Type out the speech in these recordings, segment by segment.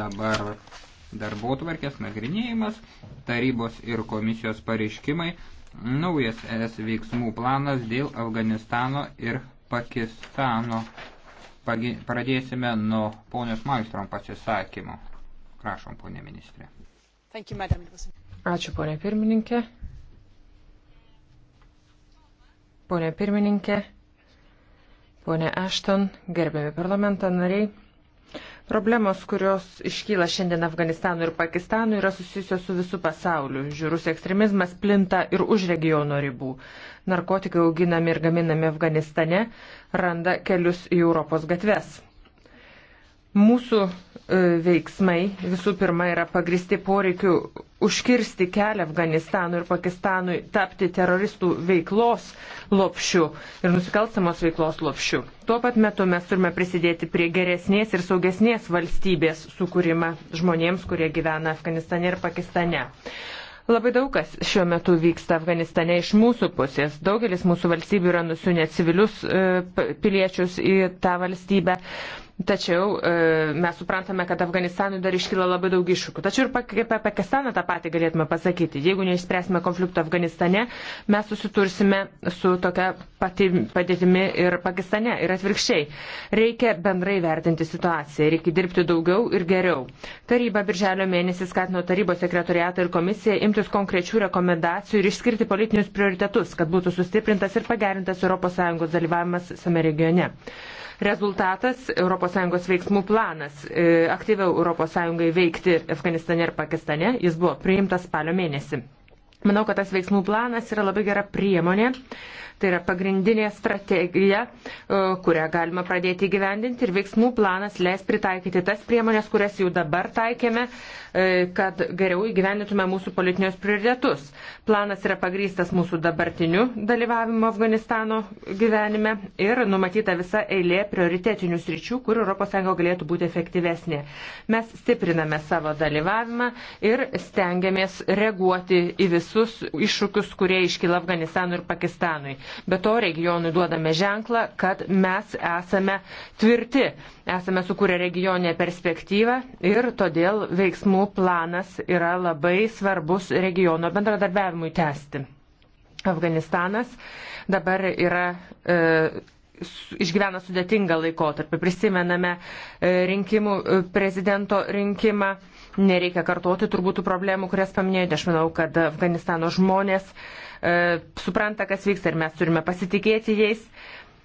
Dabar darbo tvarkės nagrinėjimas, tarybos ir komisijos pareiškimai, naujas ES veiksmų planas dėl Afganistano ir Pakistano. Pagi, pradėsime nuo ponios Maistrom pasisakymo. Prašom, ponė ministrė. Ačiū, ponė pirmininkė. Pone pirmininkė, ponė Ashton, gerbiami parlamento nariai. Problemos, kurios iškyla šiandien Afganistanui ir Pakistanui, yra susijusios su visu pasauliu. Žiūrus ekstremizmas plinta ir už regiono ribų. Narkotikai auginami ir gaminami Afganistane randa kelius į Europos gatves. Mūsų e, veiksmai visų pirma yra pagristi poreikiu užkirsti kelią Afganistanui ir Pakistanui tapti teroristų veiklos lopšiu ir nusikalstamos veiklos lopšiu. Tuo pat metu mes turime prisidėti prie geresnės ir saugesnės valstybės sukūrimą žmonėms, kurie gyvena Afganistane ir Pakistane. Labai daug kas šiuo metu vyksta Afganistane iš mūsų pusės. Daugelis mūsų valstybių yra nusiunę civilius e, piliečius į tą valstybę. Tačiau e, mes suprantame, kad Afganistanui dar iškyla labai daug iššūkių. Tačiau ir apie Pakistaną tą patį galėtume pasakyti. Jeigu neišspręsime konflikto Afganistane, mes susitursime su tokia pati padėtimi ir Pakistane ir atvirkščiai. Reikia bendrai vertinti situaciją, reikia dirbti daugiau ir geriau. Taryba birželio mėnesį skatino tarybos sekretoriatą ir komisiją imtis konkrečių rekomendacijų ir išskirti politinius prioritetus, kad būtų sustiprintas ir pagerintas ES dalyvavimas šiame regione. Rezultatas - ES veiksmų planas e, - aktyviau ES veikti Afganistane ir Pakistane. Jis buvo priimtas spalio mėnesį. Manau, kad tas veiksmų planas yra labai gera priemonė Tai yra pagrindinė strategija, e, kurią galima pradėti gyvendinti ir veiksmų planas leis pritaikyti tas priemonės, kurias jau dabar taikėme, e, kad geriau įgyvendintume mūsų politinius prioritetus. Planas yra pagrystas mūsų dabartiniu dalyvavimu Afganistano gyvenime ir numatyta visa eilė prioritetinių sričių, kur ES galėtų būti efektyvesnė. Mes stipriname savo dalyvavimą ir stengiamės reaguoti į visus iššūkius, kurie iškyla Afganistanui ir Pakistanui. Be to regionui duodame ženklą, kad mes esame tvirti, esame sukūrę regioninę perspektyvą ir todėl veiksmų planas yra labai svarbus regiono bendradarbiavimui tęsti. Afganistanas dabar yra. E, išgyvena sudėtingą laikotarpį. Prisimename e, rinkimų, e, prezidento rinkimą. Nereikia kartoti turbūt problemų, kurias paminėjote. Aš manau, kad Afganistano žmonės uh, E, supranta, kas vyksta ir mes turime pasitikėti jais.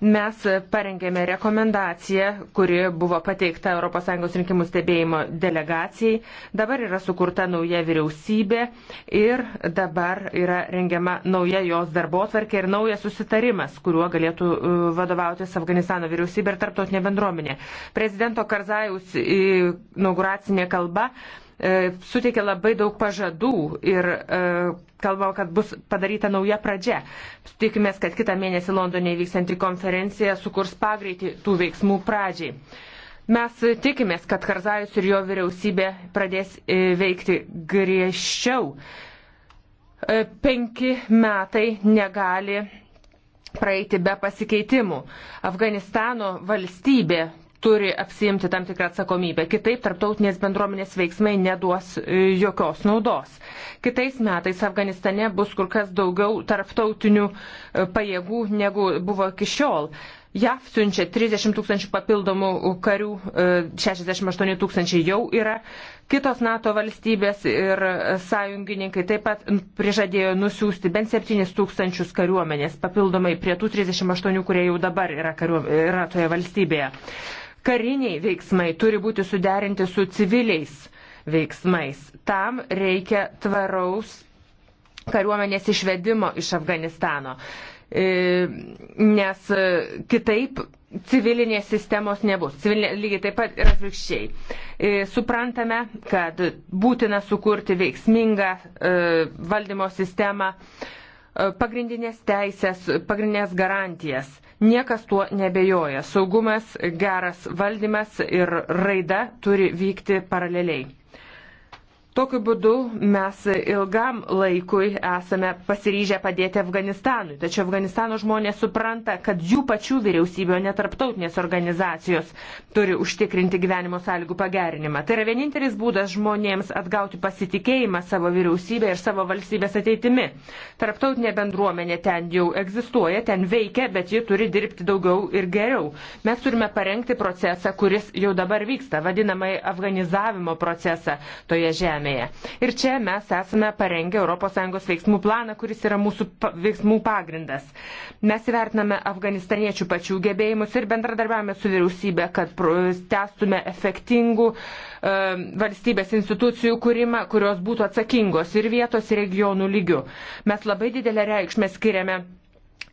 Mes parengėme rekomendaciją, kuri buvo pateikta ES rinkimų stebėjimo delegacijai. Dabar yra sukurta nauja vyriausybė ir dabar yra rengiama nauja jos darbo tvarkė ir naujas susitarimas, kuriuo galėtų e, vadovautis Afganistano vyriausybė ir tarptautinė bendruomenė. Prezidento Karzajaus e, inauguracinė kalba E, suteikia labai daug pažadų ir e, kalbama, kad bus padaryta nauja pradžia. Tikimės, kad kitą mėnesį Londone įvyksianti konferencija sukurs pagreitį tų veiksmų pradžiai. Mes tikimės, kad Karzajus ir jo vyriausybė pradės e, veikti griežčiau. Penki metai negali praeiti be pasikeitimų. Afganistano valstybė turi apsiimti tam tikrą atsakomybę. Kitaip tarptautinės bendruomenės veiksmai neduos e, jokios naudos. Kitais metais Afganistane bus kur kas daugiau tarptautinių e, pajėgų negu buvo iki šiol. JAV siunčia 30 tūkstančių papildomų karių, 68 e, tūkstančiai jau yra. Kitos NATO valstybės ir sąjungininkai taip pat prižadėjo nusiųsti bent 7 tūkstančius kariuomenės papildomai prie tų 38, kurie jau dabar yra, kariu, yra toje valstybėje kariniai veiksmai turi būti suderinti su civiliais veiksmais. Tam reikia tvaraus kariuomenės išvedimo iš Afganistano, e, nes kitaip civilinės sistemos nebus. Civilinė, lygiai taip pat ir atvirkščiai. E, suprantame, kad būtina sukurti veiksmingą e, valdymo sistemą, pagrindinės teisės, pagrindinės garantijas. Niekas tuo nebejoja. Saugumas, geras valdymas ir raida turi vykti paraleliai. Tokiu būdu mes ilgam laikui esame pasiryžę padėti Afganistanui, tačiau Afganistano žmonės supranta, kad jų pačių vyriausybė, o ne tarptautinės organizacijos turi užtikrinti gyvenimo sąlygų pagerinimą. Tai yra vienintelis būdas žmonėms atgauti pasitikėjimą savo vyriausybę ir savo valstybės ateitimi. Tarptautinė bendruomenė ten jau egzistuoja, ten veikia, bet ji turi dirbti daugiau ir geriau. Mes turime parengti procesą, kuris jau dabar vyksta, vadinamai afganizavimo procesą toje žemėje žemėje. Ir čia mes esame parengę ES veiksmų planą, kuris yra mūsų veiksmų pagrindas. Mes įvertiname afganistaniečių pačių gebėjimus ir bendradarbiavame su vyriausybė, kad tęstume efektingų valstybės institucijų kūrimą, kurios būtų atsakingos ir vietos, ir regionų lygių. Mes labai didelę reikšmę skiriame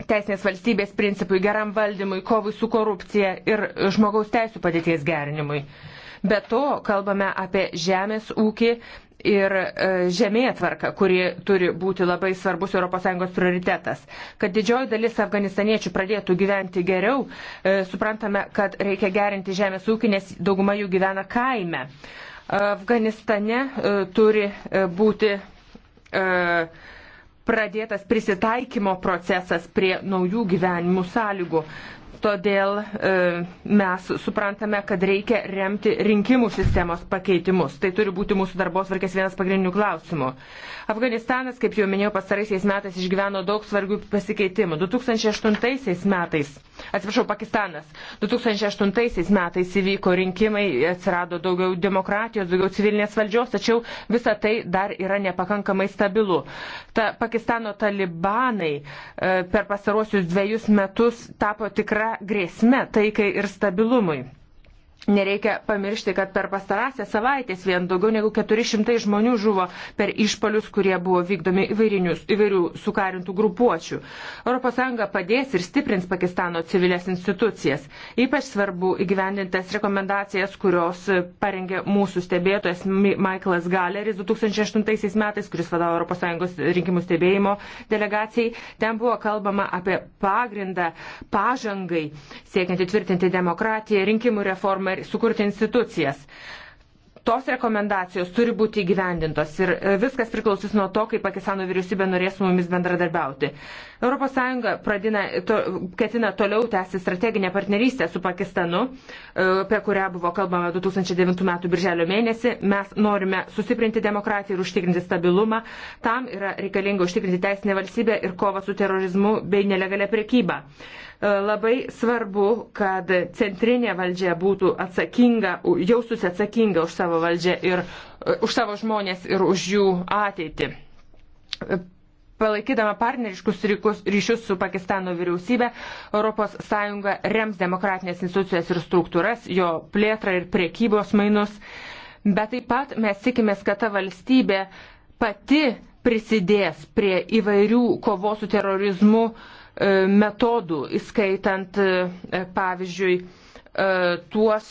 teisinės valstybės principui, geram valdymui, kovui su korupcija ir žmogaus teisų padėties gerinimui. Be to, kalbame apie žemės ūkį ir e, žemėtvarka, kuri turi būti labai svarbus ES prioritetas. Kad didžioji dalis afganistaniečių pradėtų gyventi geriau, e, suprantame, kad reikia gerinti žemės ūkį, nes dauguma jų gyvena kaime. Afganistane e, turi būti pradėtas prisitaikymo procesas prie naujų gyvenimų sąlygų todėl e, mes suprantame, kad reikia remti rinkimų sistemos pakeitimus. Tai turi būti mūsų darbos varkės vienas pagrindinių klausimų. Afganistanas, kaip jau minėjau, pastaraisiais metais išgyveno daug svarbių pasikeitimų. 2008 metais, atsiprašau, Pakistanas, 2008 metais įvyko rinkimai, atsirado daugiau demokratijos, daugiau civilinės valdžios, tačiau visa tai dar yra nepakankamai stabilu. Ta, Pakistano talibanai e, per pastarosius dviejus metus tapo tikra grėsme taikai ir stabilumui. Nereikia pamiršti, kad per pastarąsią savaitės vien daugiau negu 400 žmonių žuvo per išpalius, kurie buvo vykdomi įvairių sukarintų grupuočių. ES padės ir stiprins Pakistano civilės institucijas. Ypač svarbu įgyvendintas rekomendacijas, kurios parengė mūsų stebėtojas Michaelas Galeris 2008 metais, kuris vadavo ES rinkimų stebėjimo delegacijai. Ten buvo kalbama apie pagrindą pažangai, siekiant įtvirtinti demokratiją, rinkimų reformą dabar sukurti institucijas tos rekomendacijos turi būti įgyvendintos ir e, viskas priklausys nuo to, kaip Pakistano vyriausybė norės su mumis bendradarbiauti. ES pradina, to, ketina toliau tęsti strateginę partnerystę su Pakistanu, e, apie kurią buvo kalbama 2009 m. birželio mėnesį. Mes norime sustiprinti demokratiją ir užtikrinti stabilumą. Tam yra reikalinga užtikrinti teisinę valstybę ir kovą su terorizmu bei nelegalia prekyba. Labai svarbu, kad centrinė valdžia būtų atsakinga, jaustųsi atsakinga už savo valdžią ir e, už savo žmonės ir už jų ateitį e, palaikydama partneriškus ryšius su Pakistano vyriausybė, ES rems demokratinės institucijas ir struktūras, jo plėtrą ir priekybos mainus. Bet taip pat mes tikimės, kad ta valstybė pati prisidės prie įvairių kovos su terorizmu uh, E, metodų, įskaitant, e, e, pavyzdžiui, tuos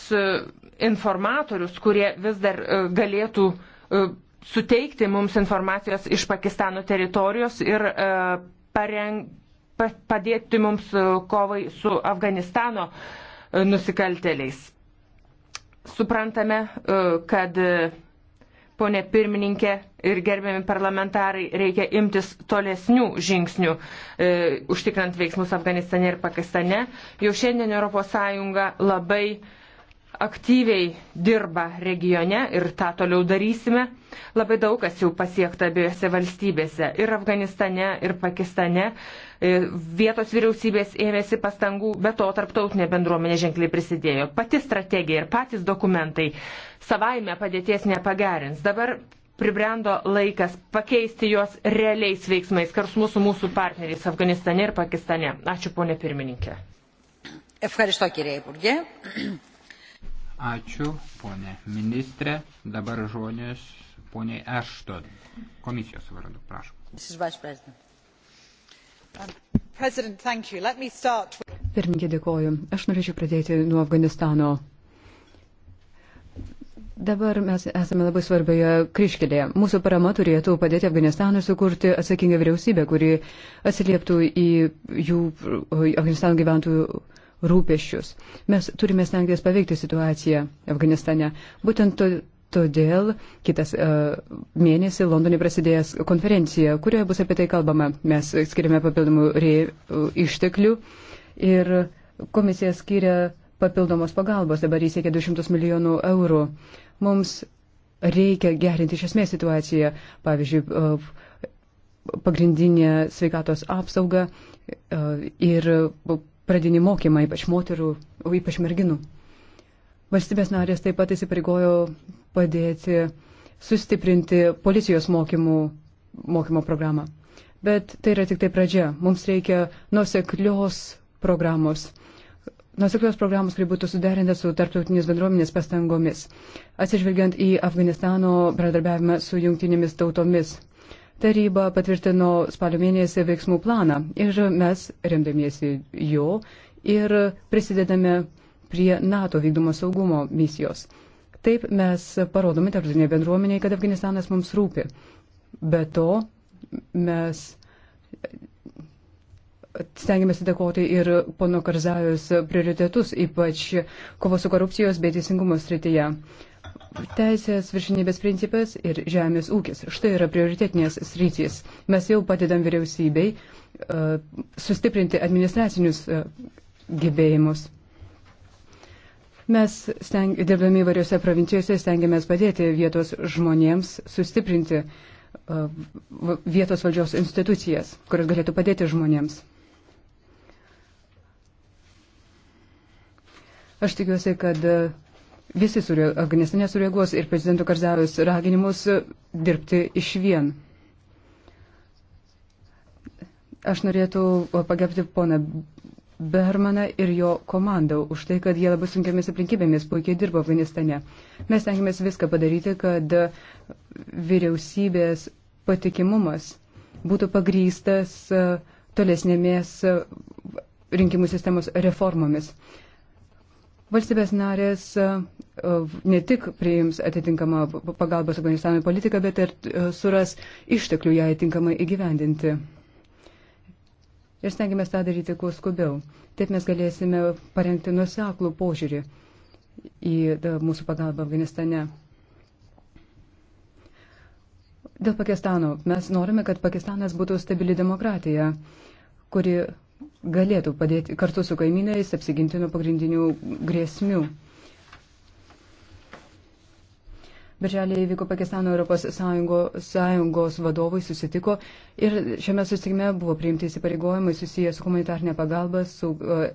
informatorius, kurie vis dar galėtų suteikti mums informacijos iš Pakistano teritorijos ir pareng, padėti mums kovai su Afganistano nusikalteliais. Suprantame, kad ponė pirmininkė ir gerbiami parlamentarai, reikia imtis tolesnių žingsnių, e, užtikrant veiksmus Afganistane ir Pakistane. Jau šiandien ES labai aktyviai dirba regione ir tą toliau darysime. Labai daug kas jau pasiekta abiejose valstybėse - ir Afganistane, ir Pakistane. E, vietos vyriausybės ėmėsi pastangų, bet to tarptautinė bendruomenė ženkliai prisidėjo. Pati strategija ir patys dokumentai savaime padėties nepagerins. Dabar pribrendo laikas pakeisti juos realiais veiksmais kartu su mūsų partneriais Afganistane ir Pakistane. Ačiū, ponė pirmininkė. Ευχαριστώ κύριε Υπουργέ. Ačiū, ponė ministrė. Dabar žodis poniai Ešton. Komisijos vardu, prašom. Um, Pirmininkė, dėkoju. Aš norėčiau pradėti nuo Afganistano. Dabar mes esame labai svarbioje kryškelėje. Mūsų parama turėtų padėti Afganistanui sukurti atsakingą vyriausybę, kuri atsilieptų į jų Afganistano gyventojų rūpešius. Mes turime stengtis paveikti situaciją Afganistane. Būtent to, todėl kitas uh, mėnesį Londone prasidėjęs konferencija, kurioje bus apie tai kalbama. Mes skiriame papildomų rė, uh, e, išteklių ir komisija skiria papildomos pagalbos, dabar jis siekia 200 milijonų eurų. Mums reikia gerinti iš esmės situaciją, pavyzdžiui, uh, pagrindinė sveikatos apsauga ir pradinį mokymą, ypač moterų, o ypač merginų. Valstybės narės taip pat įsipareigojo padėti sustiprinti policijos mokymų, mokymo programą. Bet tai yra tik tai pradžia. Mums reikia nuseklios programos. Nuseklios programos, kuri būtų suderinta su tarptautinės bendruomenės pastangomis, atsižvelgiant į Afganistano bendradarbiavimą su jungtinėmis tautomis. Taryba patvirtino spalio mėnesį veiksmų planą ir mes, remdamiesi jo, ir prisidedame prie NATO vykdomo saugumo misijos. Taip mes parodome tarptautinė bendruomenė, kad Afganistanas mums rūpi. Be to mes stengiamės įtakoti ir pono Karzajos prioritetus, ypač kovo su korupcijos bei teisingumo srityje. Teisės viršinybės principas ir žemės ūkis. Štai yra prioritetinės srityjs. Mes jau padedam vyriausybei e, sustiprinti administracinius e, gebėjimus. Mes, steng, dirbdami įvairiose provincijose, stengiamės padėti vietos žmonėms sustiprinti e, vietos valdžios institucijas, kurios galėtų padėti žmonėms. Aš tikiuosi, kad Visi surė, Afganistane sureaguos ir prezidento Karzavės raginimus dirbti iš vien. Aš norėtų pagerbti poną Bermaną ir jo komandą už tai, kad jie labai sunkiamis aplinkybėmis puikiai dirbo Afganistane. Mes tenkimės viską padaryti, kad vyriausybės patikimumas būtų pagrystas tolesnėmis rinkimų sistemos reformomis. Valstybės narės e, ne tik priims atitinkamą pagalbos Afganistanui politiką, bet ir e, suras išteklių ją atitinkamai įgyvendinti. Ir stengiamės tą daryti kuo skubiau. Taip mes galėsime parengti nuseklų požiūrį į mūsų pagalbą Afganistane. Dėl Pakistano. Mes norime, kad Pakistanas būtų stabili demokratija, kuri galėtų padėti kartu su kaimynais apsiginti nuo pagrindinių grėsmių. Birželį įvyko Pakistano Europos Sąjungo, Sąjungos vadovai susitiko ir šiame susitikime buvo priimti įsipareigojimai susiję su humanitarnė pagalba, su uh,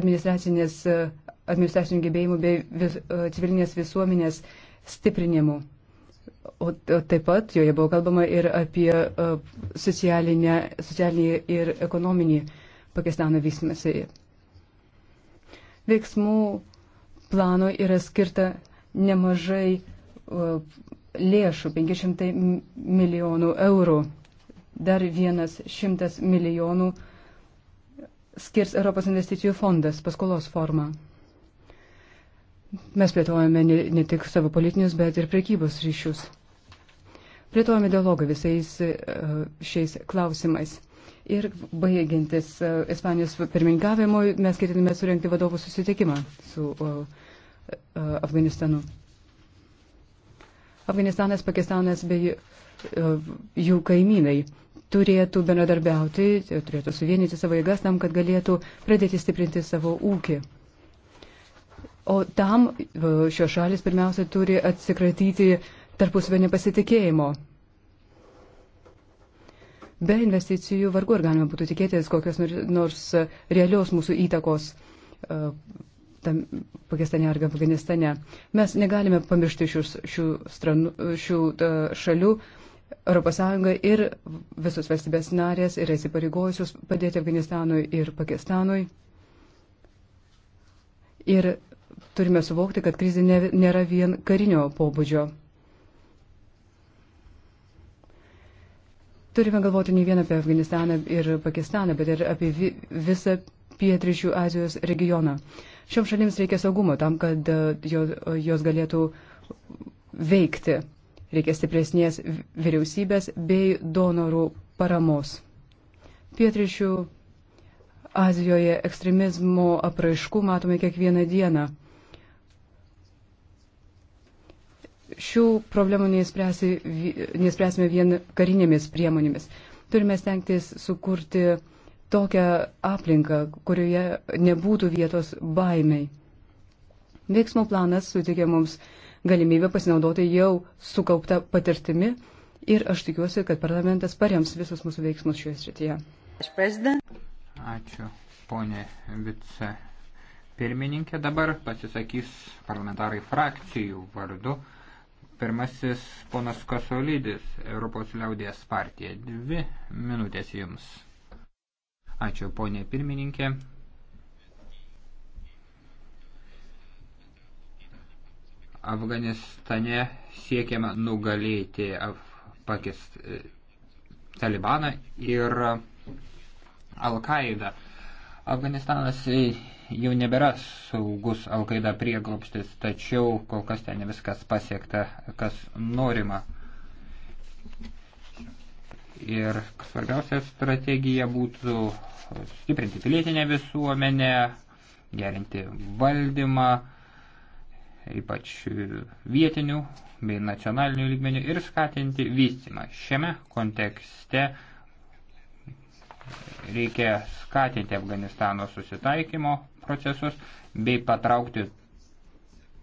administracinės, uh, administracinių gebėjimų bei vis, uh, civilinės visuomenės stiprinimu. O, o taip pat joje buvo kalbama ir apie uh, socialinį ir ekonominį uh, Pakistano vystimasi. Veiksmų planui yra skirta nemažai lėšų, 500 milijonų eurų. Dar vienas šimtas milijonų skirs Europos investicijų fondas paskolos formą. Mes plėtojame ne, ne tik savo politinius, bet ir prekybos ryšius. Plėtojame dialogą visais e, šiais klausimais. Ir baigiantis e, Ispanijos pirmininkavimui, mes ketiname surinkti vadovų susitikimą su e, e, Afganistanu. Afganistanas, Pakistanas bei jų kaimynai turėtų bendradarbiauti, turėtų suvienyti savo jėgas tam, kad galėtų pradėti stiprinti savo ūkį. O tam šios šalis pirmiausia turi atsikratyti tarpusavio nepasitikėjimo. Be investicijų vargu ar galima būtų tikėtis kokios nors e, realios mūsų įtakos e, tam, Pakistane ar Afganistane. Mes negalime pamiršti šių, šių, stranu, šių e, šalių. ES ir visos valstybės narės yra įsipareigojusios padėti Afganistanui ir Pakistanui. Ir turime suvokti, kad krizė nėra vien karinio pobūdžio. turime galvoti ne vien apie Afganistaną ir Pakistaną, bet ir apie visą pietryčių Azijos regioną. Šioms šalims reikia saugumo tam, kad e, jos galėtų veikti. Reikia stipresnės vyriausybės bei donorų paramos. Pietričių Azijoje ekstremizmo apraiškų matome kiekvieną dieną. šių problemų nespręsime vien karinėmis priemonėmis. Turime stengtis sukurti tokią aplinką, kurioje nebūtų vietos baimiai. Veiksmų planas sutikė mums galimybę pasinaudoti jau sukauptą patirtimi ir aš tikiuosi, kad parlamentas parems visus mūsų veiksmus šioje srityje. Ačiū, ponė vice pirmininkė. Dabar pasisakys parlamentarai frakcijų vardu. Pirmasis ponas Kasolydis, Europos liaudės partija. Dvi minutės jums. Ačiū, ponė pirmininkė. Afganistane siekiama nugalėti Pakist, Talibaną ir Al-Qaidą. Afganistanas jau nebėra saugus Alkaida prieglopstis, tačiau kol kas ten viskas pasiekta, kas norima. Ir svarbiausia strategija būtų stiprinti pilietinę visuomenę, gerinti valdymą, ypač vietinių bei nacionalinių lygmenių ir skatinti vystimą. Šiame kontekste reikia skatinti Afganistano susitaikymo procesus bei patraukti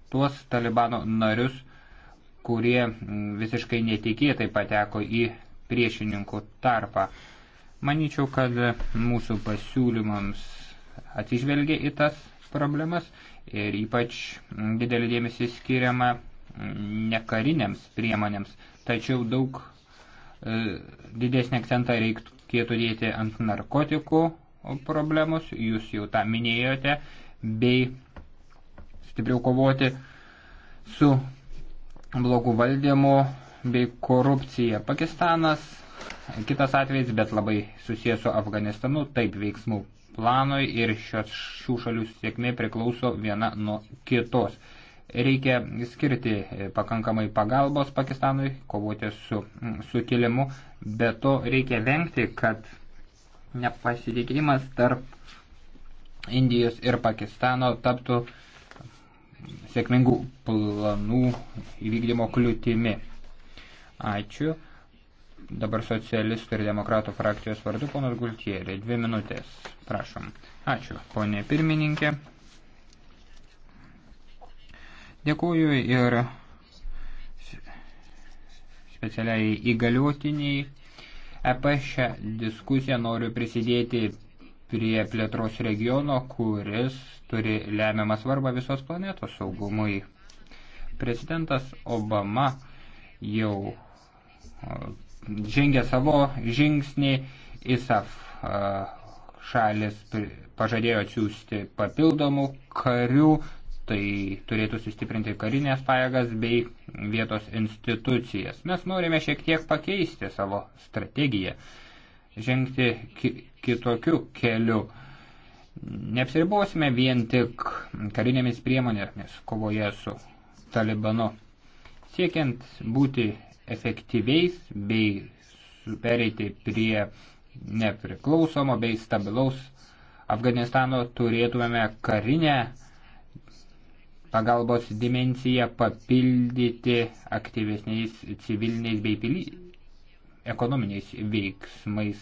tuos talibano narius, kurie visiškai netikėtai pateko į priešininkų tarpą. Manyčiau, kad mūsų pasiūlymams atsižvelgia į tas problemas ir ypač didelį dėmesį skiriama nekariniams priemonėms, tačiau daug e, didesnį akcentą reikėtų dėti ant narkotikų problemos, jūs jau tą minėjote, bei stipriau kovoti su blogų valdymu bei korupcija. Pakistanas, kitas atvejs, bet labai susijęs su Afganistanu, taip veiksmų planui ir šios, šių šalių sėkmė priklauso viena nuo kitos. Reikia skirti pakankamai pagalbos Pakistanui, kovoti su sukilimu, bet to reikia vengti, kad nepasitikėjimas tarp Indijos ir Pakistano taptų sėkmingų planų įvykdymo kliūtimi. Ačiū. Dabar socialistų ir demokratų frakcijos vardu ponas Gultieri. Dvi minutės. Prašom. Ačiū, ponė pirmininkė. Dėkuoju ir specialiai įgaliotiniai EP šią diskusiją noriu prisidėti prie plėtros regiono, kuris turi lemiamą svarbą visos planetos saugumui. Prezidentas Obama jau žengė savo žingsnį, ISAF šalis pažadėjo atsiųsti papildomų karių, tai turėtų sustiprinti karinės pajėgas bei vietos institucijas. Mes norime šiek tiek pakeisti savo strategiją, žengti ki kitokiu keliu. Neapsiribosime vien tik karinėmis priemonėmis kovoje su Talibanu. Siekiant būti efektyviais bei pereiti prie nepriklausomo bei stabilaus Afganistano turėtumėme karinę pagalbos dimenciją papildyti aktyvesniais civiliniais bei pili... ekonominiais veiksmais.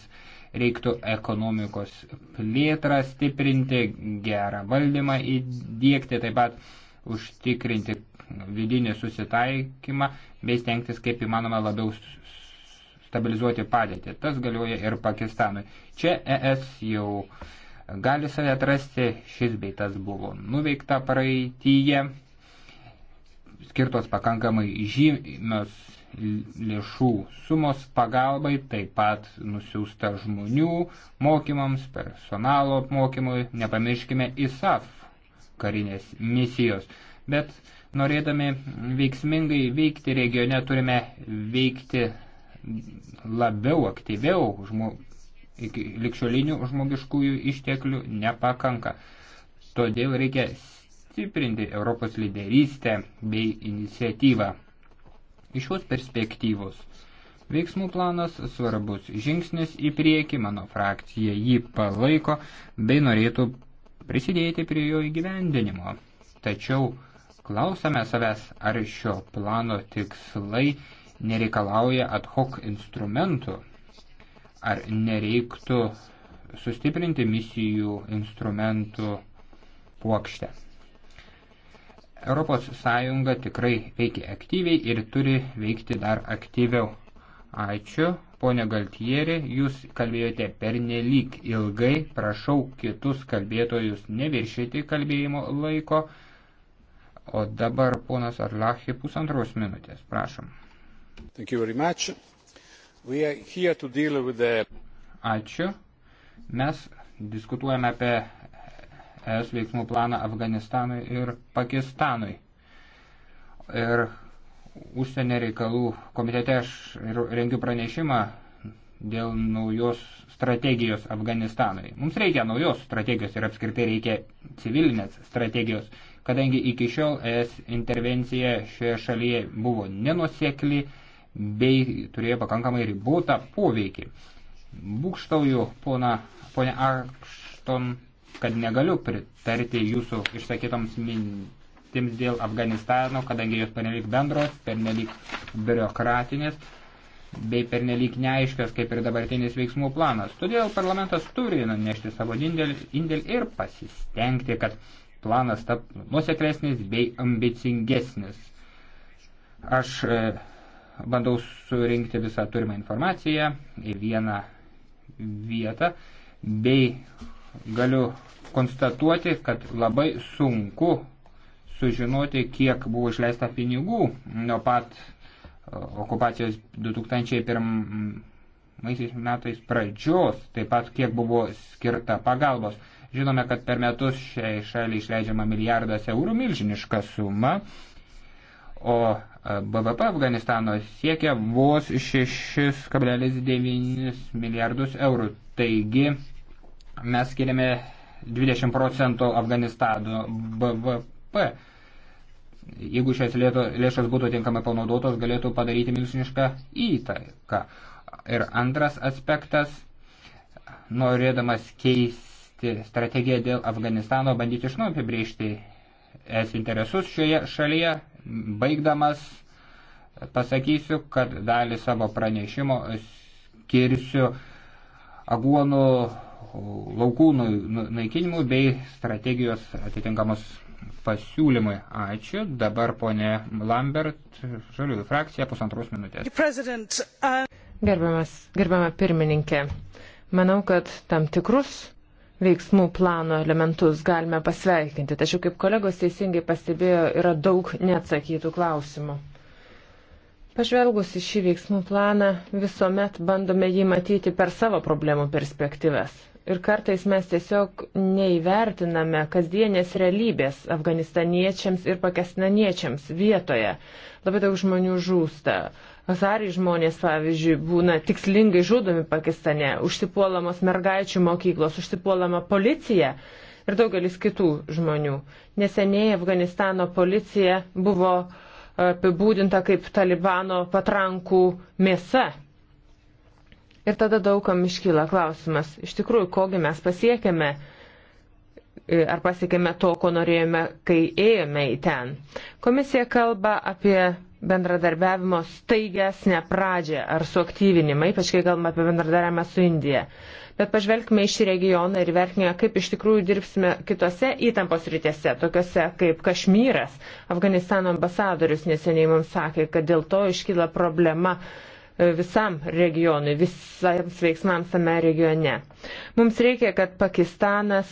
Reiktų ekonomikos plėtrą stiprinti, gerą valdymą įdėkti, taip pat užtikrinti vidinį susitaikymą bei stengtis kaip įmanoma labiau stabilizuoti padėtį. Tas galioja ir Pakistanui. Čia ES jau uh, gali save atrasti, šis beitas buvo nuveikta praeitįje, skirtos pakankamai žymios lėšų sumos pagalbai, taip pat nusiųsta žmonių mokymams, personalo apmokymui, nepamirškime ISAF karinės misijos. Bet norėdami veiksmingai veikti regione turime veikti labiau, aktyviau, žmo, iki likščiolinių žmogiškųjų išteklių nepakanka. Todėl reikia stiprinti Europos lyderystę bei iniciatyvą. Iš šios perspektyvos veiksmų planas svarbus žingsnis į priekį, mano frakcija jį palaiko bei norėtų prisidėti prie jo įgyvendinimo. Tačiau klausame savęs, ar šio plano tikslai nereikalauja ad hoc instrumentų, ar nereiktų sustiprinti misijų instrumentų plokštę. Europos Sąjunga tikrai veikia aktyviai ir turi veikti dar aktyviau. Ačiū, ponė Galtieri, jūs kalbėjote per nelik ilgai, prašau kitus kalbėtojus neviršyti kalbėjimo laiko. O dabar ponas Arlachi pusantros minutės, prašom. Thank you very much. The... Ačiū. Mes diskutuojame apie ES veiksmų planą Afganistanui ir Pakistanui. Ir užsienio reikalų komitete aš rengiu pranešimą dėl naujos strategijos Afganistanui. Mums reikia naujos strategijos ir apskritai reikia civilinės strategijos, kadangi iki šiol ES intervencija šioje šalyje buvo nenusekli, bei turėjo pakankamai ribotą poveikį. Būkštauju, pona, ponia Akšton, kad negaliu pritarti jūsų išsakytoms mintims dėl Afganistano, kadangi jos pernelyg bendros, pernelyg biurokratinės bei pernelyg neaiškios kaip ir dabartinis veiksmų planas. Todėl parlamentas turi nunešti savo indėlį, indėlį ir pasistengti, kad planas tap nuseklesnis bei ambicingesnis. Aš e, bandau surinkti visą turimą informaciją į vieną vietą, bei galiu konstatuoti, kad labai sunku sužinoti, kiek buvo išleista pinigų nuo pat e, okupacijos 2001 metais pradžios, taip pat kiek buvo skirta pagalbos. Žinome, kad per metus šiai šaliai išleidžiama milijardas eurų milžiniška suma, o BVP Afganistano siekia vos 6,9 milijardus eurų. Taigi mes skiriame 20 procentų Afganistano BVP. Jeigu šias lėšas būtų tinkamai panaudotos, galėtų padaryti milsinišką įtaką. Ir antras aspektas, norėdamas keisti strategiją dėl Afganistano, bandyti iš naujo apibriežti es interesus šioje šalyje, baigdamas pasakysiu, kad dalį savo pranešimo skirsiu aguonų laukų naikinimui bei strategijos atitinkamos pasiūlymui. Ačiū. Dabar ponė Lambert, žaliųjų frakcija, pusantros minutės. Uh Gerbiamas, gerbiama pirmininkė, manau, kad tam tikrus veiksmų plano elementus galime pasveikinti. Tačiau, kaip kolegos teisingai pastebėjo, yra daug neatsakytų klausimų. Pažvelgus į šį veiksmų planą, visuomet bandome jį matyti per savo problemų perspektyvas. Ir kartais mes tiesiog neįvertiname kasdienės realybės afganistaniečiams ir pakestaniečiams vietoje. Labai daug žmonių žūsta Hazari žmonės, pavyzdžiui, būna tikslingai žudomi Pakistane, užsipuolamos mergaičių mokyklos, užsipuolama policija ir daugelis kitų žmonių. Neseniai Afganistano policija buvo e, apibūdinta kaip Talibano patrankų mėsa. Ir tada daugam iškyla klausimas, iš tikrųjų, kogi mes pasiekėme e, ar pasiekėme to, ko norėjome, kai ėjome į ten. Komisija kalba apie bendradarbiavimo staigesnę pradžią ar suaktyvinimą, ypač kai kalbame apie bendradarbiavimą su Indija. Bet pažvelgime į šį regioną ir vertinime, kaip iš tikrųjų dirbsime kitose įtampos rytėse, tokiuose kaip Kašmyras. Afganistano ambasadorius neseniai mums sakė, kad dėl to iškyla problema e, visam regionui, visams veiksmams tame regione. Mums reikia, kad Pakistanas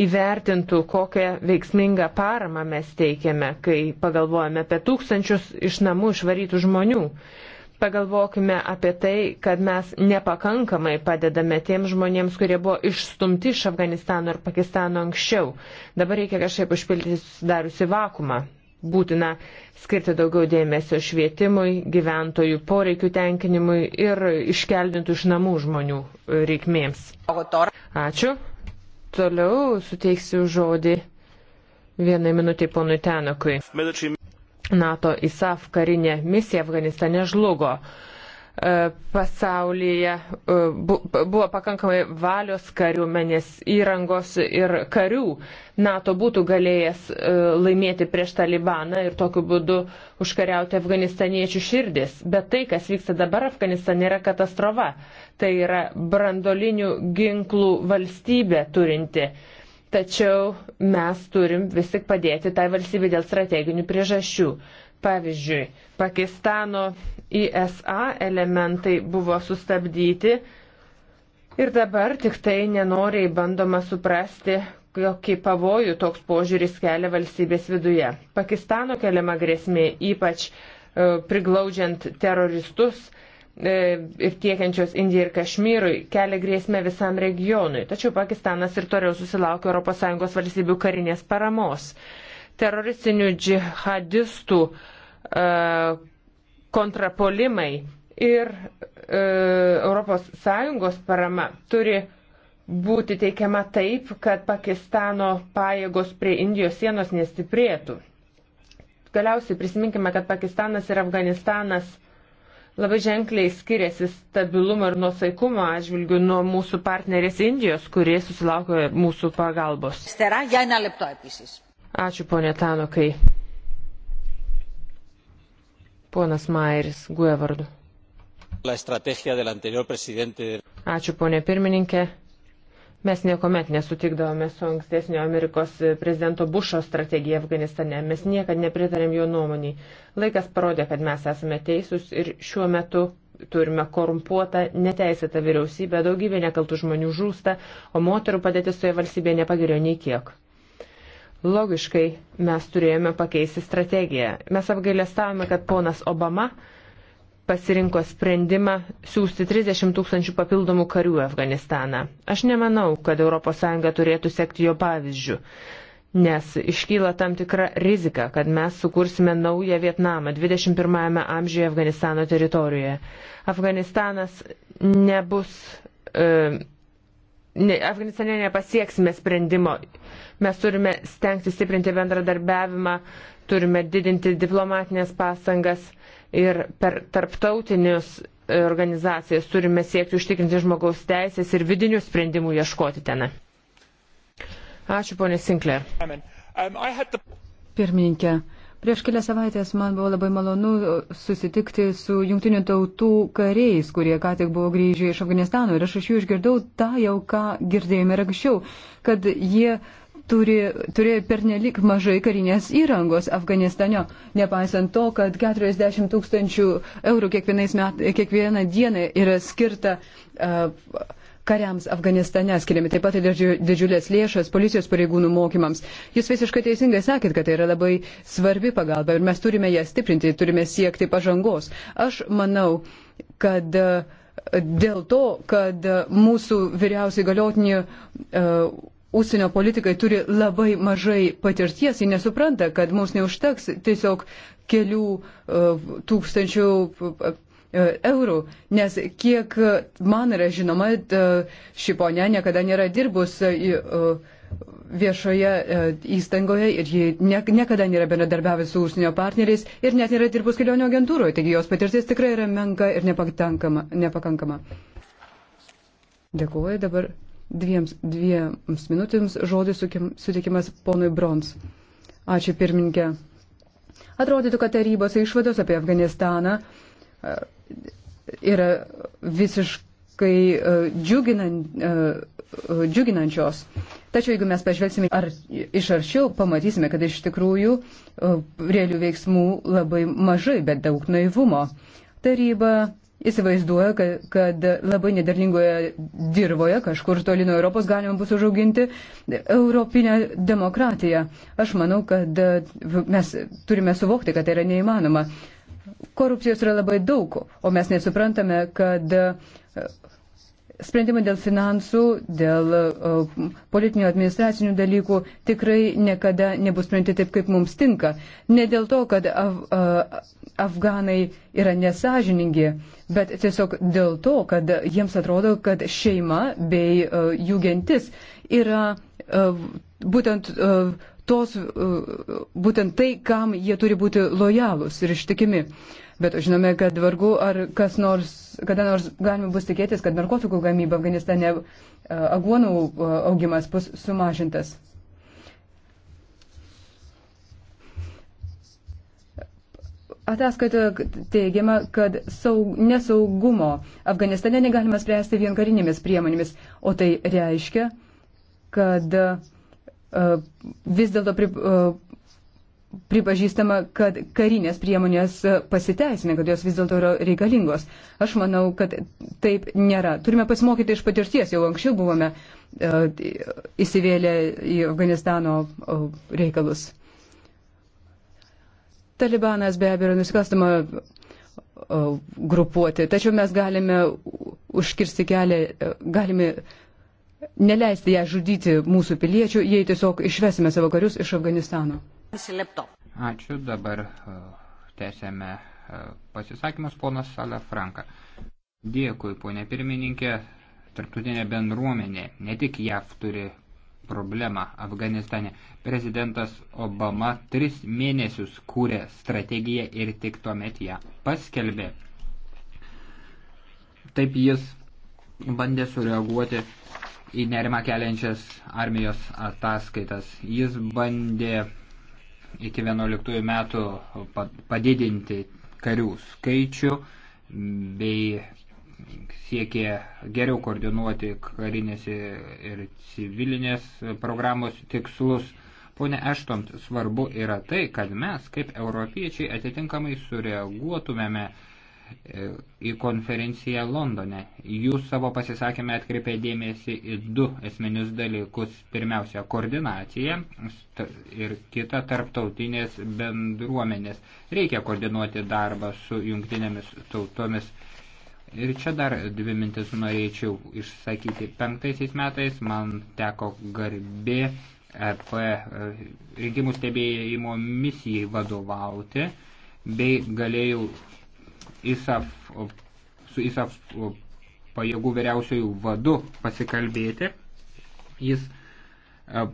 įvertintų, kokią veiksmingą paramą mes teikiame, kai pagalvojame apie tūkstančius iš namų išvarytų žmonių. Pagalvokime apie tai, kad mes nepakankamai padedame tiems žmonėms, kurie buvo išstumti iš Afganistano ir Pakistano anksčiau. Dabar reikia kažkaip užpildyti susidariusi vakumą. Būtina skirti daugiau dėmesio švietimui, gyventojų poreikių tenkinimui ir iškeldintų iš namų žmonių reikmėms. Ačiū. Toliau suteiksiu žodį vienai minutį ponui Tenokui. NATO ISAF karinė misija Afganistane žlugo. E, pasaulyje e, buvo pakankamai valios kariuomenės įrangos ir karių. NATO būtų galėjęs e, laimėti prieš Talibaną ir tokiu būdu užkariauti afganistaniečių širdis. Bet tai, kas vyksta dabar Afganistane, yra katastrofa. Tai yra brandolinių ginklų valstybė turinti. Tačiau mes turim vis tik padėti tai valstybei dėl strateginių priežasčių. Pavyzdžiui, Pakistano ISA elementai buvo sustabdyti ir dabar tik tai nenoriai bandoma suprasti, kokį pavojų toks požiūris kelia valstybės viduje. Pakistano keliama grėsmė, ypač e, priglaudžiant teroristus, e, ir tiekiančios Indijai ir Kašmyrui kelia grėsmę visam regionui. Tačiau Pakistanas ir toliau susilaukia ES valstybių karinės paramos. Teroristinių džihadistų uh, kontrapolimai ir e, ES parama turi būti teikiama taip, kad Pakistano pajėgos prie Indijos sienos nestiprėtų. Galiausiai prisiminkime, kad Pakistanas ir Afganistanas labai ženkliai skiriasi stabilumo ir nusaikumo atžvilgių nuo mūsų partnerės Indijos, kurie susilaukė mūsų pagalbos. Ačiū, ponė Tanokai. Ponas Mairis, guė vardu. Ačiū, ponė pirmininkė. Mes niekuomet nesutikdavome su ankstesnio Amerikos prezidento Bušo strategija Afganistane. Mes niekad nepritarėm jo nuomonį. Laikas parodė, kad mes esame teisūs ir šiuo metu turime korumpuotą, neteisėtą vyriausybę, daugybė nekaltų žmonių žūsta, o moterų padėtis toje valstybėje nepagerėjo nei kiek. Logiškai mes turėjome pakeisti strategiją. Mes apgailestavome, kad ponas Obama pasirinko sprendimą siūsti 30 tūkstančių papildomų karių į Afganistaną. Aš nemanau, kad ES turėtų sekti jo pavyzdžių, nes iškyla tam tikra rizika, kad mes sukursime naują Vietnamą 21-ame amžiuje Afganistano teritorijoje. Afganistanas nebus. E, ne, Afganistane nepasieksime sprendimo. Mes turime stengti stiprinti bendradarbiavimą, turime didinti diplomatinės pasangas ir per tarptautinius organizacijas turime siekti užtikrinti žmogaus teisės ir vidinių sprendimų ieškoti ten. Ačiū, ponė Sinkler. Um, Pirmininkė, Prieš kelias savaitės man buvo labai malonu susitikti su jungtinių tautų kariais, kurie ką tik buvo grįžę iš Afganistano ir aš iš jų išgirdau tą jau, ką girdėjome ir anksčiau, kad jie turi, turėjo pernelik mažai karinės įrangos Afganistane, nepaisant to, kad 40 tūkstančių eurų met, kiekvieną dieną yra skirta uh, kariams Afganistane skiriami taip pat didžiulės lėšas policijos pareigūnų mokymams. Jūs visiškai teisingai sakėt, kad tai yra labai svarbi pagalba ir mes turime ją stiprinti, turime siekti pažangos. Aš manau, kad e, dėl to, kad mūsų vyriausiai galiotinį uh, e, Užsienio politikai turi labai mažai patirties, jie nesupranta, kad mums neužteks tiesiog kelių uh, tūkstančių uh, E, eurų, nes kiek man yra žinoma, e, ši ponia niekada nėra dirbus e, viešoje įstangoje ir ji niekada nėra bendradarbiavęs su užsienio partneriais ir net nėra dirbus kelionio agentūroje, taigi jos patirtis tikrai yra menka ir nepakankama. Dėkuoju dabar dviems, dviems minutėms žodis sutikimas ponui Brons. Ačiū pirmininkė. Atrodytų, kad tarybos išvados apie Afganistaną yra visiškai e, džiuginan, e, e, džiuginančios. Tačiau jeigu mes pažvelgsime ar, iš arčiau, pamatysime, kad iš tikrųjų realių veiksmų labai mažai, bet daug naivumo. Taryba įsivaizduoja, kad, kad labai nederlingoje dirboje, kažkur toli nuo Europos, galima bus užauginti europinę demokratiją. Aš manau, kad mes turime suvokti, kad tai yra neįmanoma korupcijos yra labai daug, o mes nesuprantame, kad e, sprendimai dėl finansų, dėl e, politinių administracinių dalykų tikrai niekada nebus sprendti taip, kaip mums tinka. Ne dėl to, kad af, e, afganai yra nesažiningi, bet tiesiog dėl to, kad jiems atrodo, kad šeima bei jų gentis yra būtent uh, tos, e, būtent tai, kam jie turi būti lojalūs ir ištikimi. Bet žinome, kad vargu ar kas nors, kada nors galima bus tikėtis, kad narkotikų gamyba Afganistane, e, aguonų e, augimas bus sumažintas. Ataskaita teigiama, kad saug, nesaugumo Afganistane negalima spręsti vien karinėmis priemonėmis, o tai reiškia, kad uh, E, vis dėlto pri, e, pripažįstama, kad karinės priemonės pasiteisina, kad jos vis dėlto yra reikalingos. Aš manau, kad taip nėra. Turime pasimokyti iš patirties, jau anksčiau buvome uh, įsivėlę į Afganistano uh, reikalus. Talibanas be abejo yra nusikalstama uh, grupuoti, tačiau mes galime užkirsti kelią, galime neleisti ją žudyti mūsų piliečių, jei tiesiog išvesime savo karius iš Afganistano. Ačiū, dabar e, tęsėme e, pasisakymus ponas Salė Franka. Dėkui, ponė pirmininkė, tarptautinė bendruomenė, ne tik JAV turi problemą Afganistane. Prezidentas Obama tris mėnesius kūrė strategiją ir tik tuomet ją paskelbė. Taip jis bandė sureaguoti į nerimą keliančias armijos ataskaitas. Jis bandė iki 11 metų padidinti karių skaičių bei siekė geriau koordinuoti karinės ir civilinės programos tikslus. Pone Eštomt, svarbu yra tai, kad mes kaip europiečiai atitinkamai sureaguotumėme E, į konferenciją Londone. Jūs savo pasisakymę atkreipė dėmesį į du esminius dalykus. Pirmiausia, koordinacija ir kita tarptautinės bendruomenės. Reikia koordinuoti darbą su jungtinėmis tautomis. Ir čia dar dvi mintis norėčiau išsakyti. Penktaisiais metais man teko garbė EP e, rinkimų stebėjimo misijai vadovauti bei galėjau ISAF, su ISAF pajėgų vyriausiojų vadu pasikalbėti. Jis e,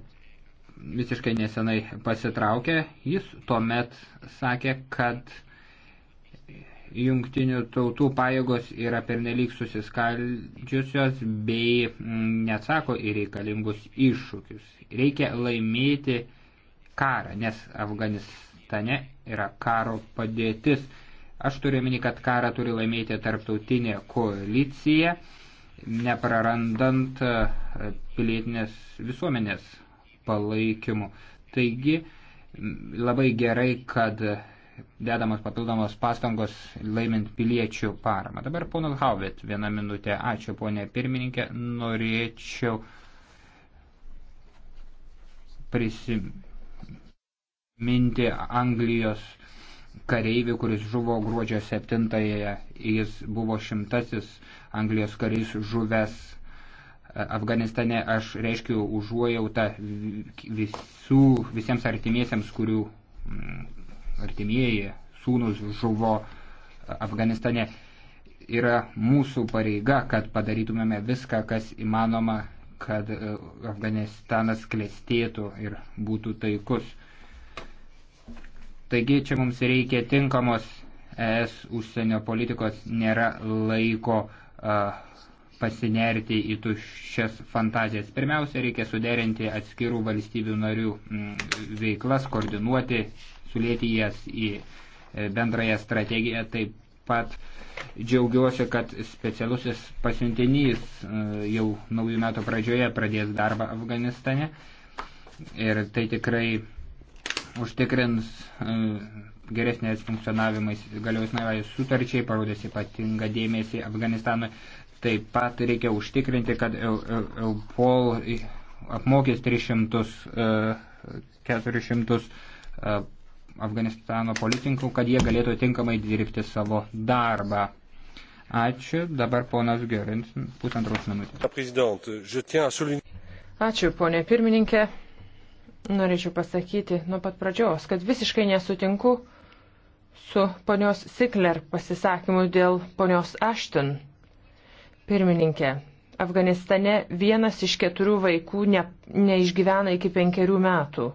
visiškai nesenai pasitraukė. Jis tuomet sakė, kad jungtinių tautų pajėgos yra pernelyg susiskaldžiusios bei mm, neatsako į reikalingus iššūkius. Reikia laimėti karą, nes Afganistane yra karo padėtis. Aš turiu meni, kad karą turi laimėti tarptautinė koalicija, neprarandant e, pilietinės visuomenės palaikymų. Taigi labai gerai, kad dedamos papildomos pastangos laimint piliečių paramą. Dabar ponas Hauvit, vieną minutę. Ačiū, ponė pirmininkė. Norėčiau prisiminti Anglijos kareivį, kuris žuvo gruodžio 7-ąją. Jis buvo šimtasis Anglijos karys žuvęs e, Afganistane. Aš reiškiu užuojautą visų, visiems artimiesiems, kurių mm, artimieji sūnus žuvo e, Afganistane. Yra mūsų pareiga, kad padarytumėme viską, kas įmanoma, kad e, Afganistanas klestėtų ir būtų taikus. Taigi čia mums reikia tinkamos ES užsienio politikos, nėra laiko uh, pasinerti į tuščias fantazijas. Pirmiausia, reikia suderinti atskirų valstybių narių mm, veiklas, koordinuoti, sulėti jas į e, bendrąją strategiją. Taip pat džiaugiuosi, kad specialusis pasiuntinys e, jau naujų metų pradžioje pradės darbą Afganistane. Ir tai tikrai užtikrins e, geresnės funkcionavimais galiausinai sutarčiai, parodys ypatingą dėmesį Afganistanui. Taip pat reikia užtikrinti, kad EUPOL apmokys 300, 400 e, e, Afganistano policininkų, kad jie galėtų tinkamai dirbti savo darbą. Ačiū. Dabar ponas Gerins, pusantros minutės. Ačiū, ponė pirmininkė. Norėčiau pasakyti nuo pat pradžios, kad visiškai nesutinku su ponios Sikler pasisakymu dėl ponios Ashton. Pirmininkė, Afganistane vienas iš keturių vaikų ne, neišgyvena iki penkerių metų.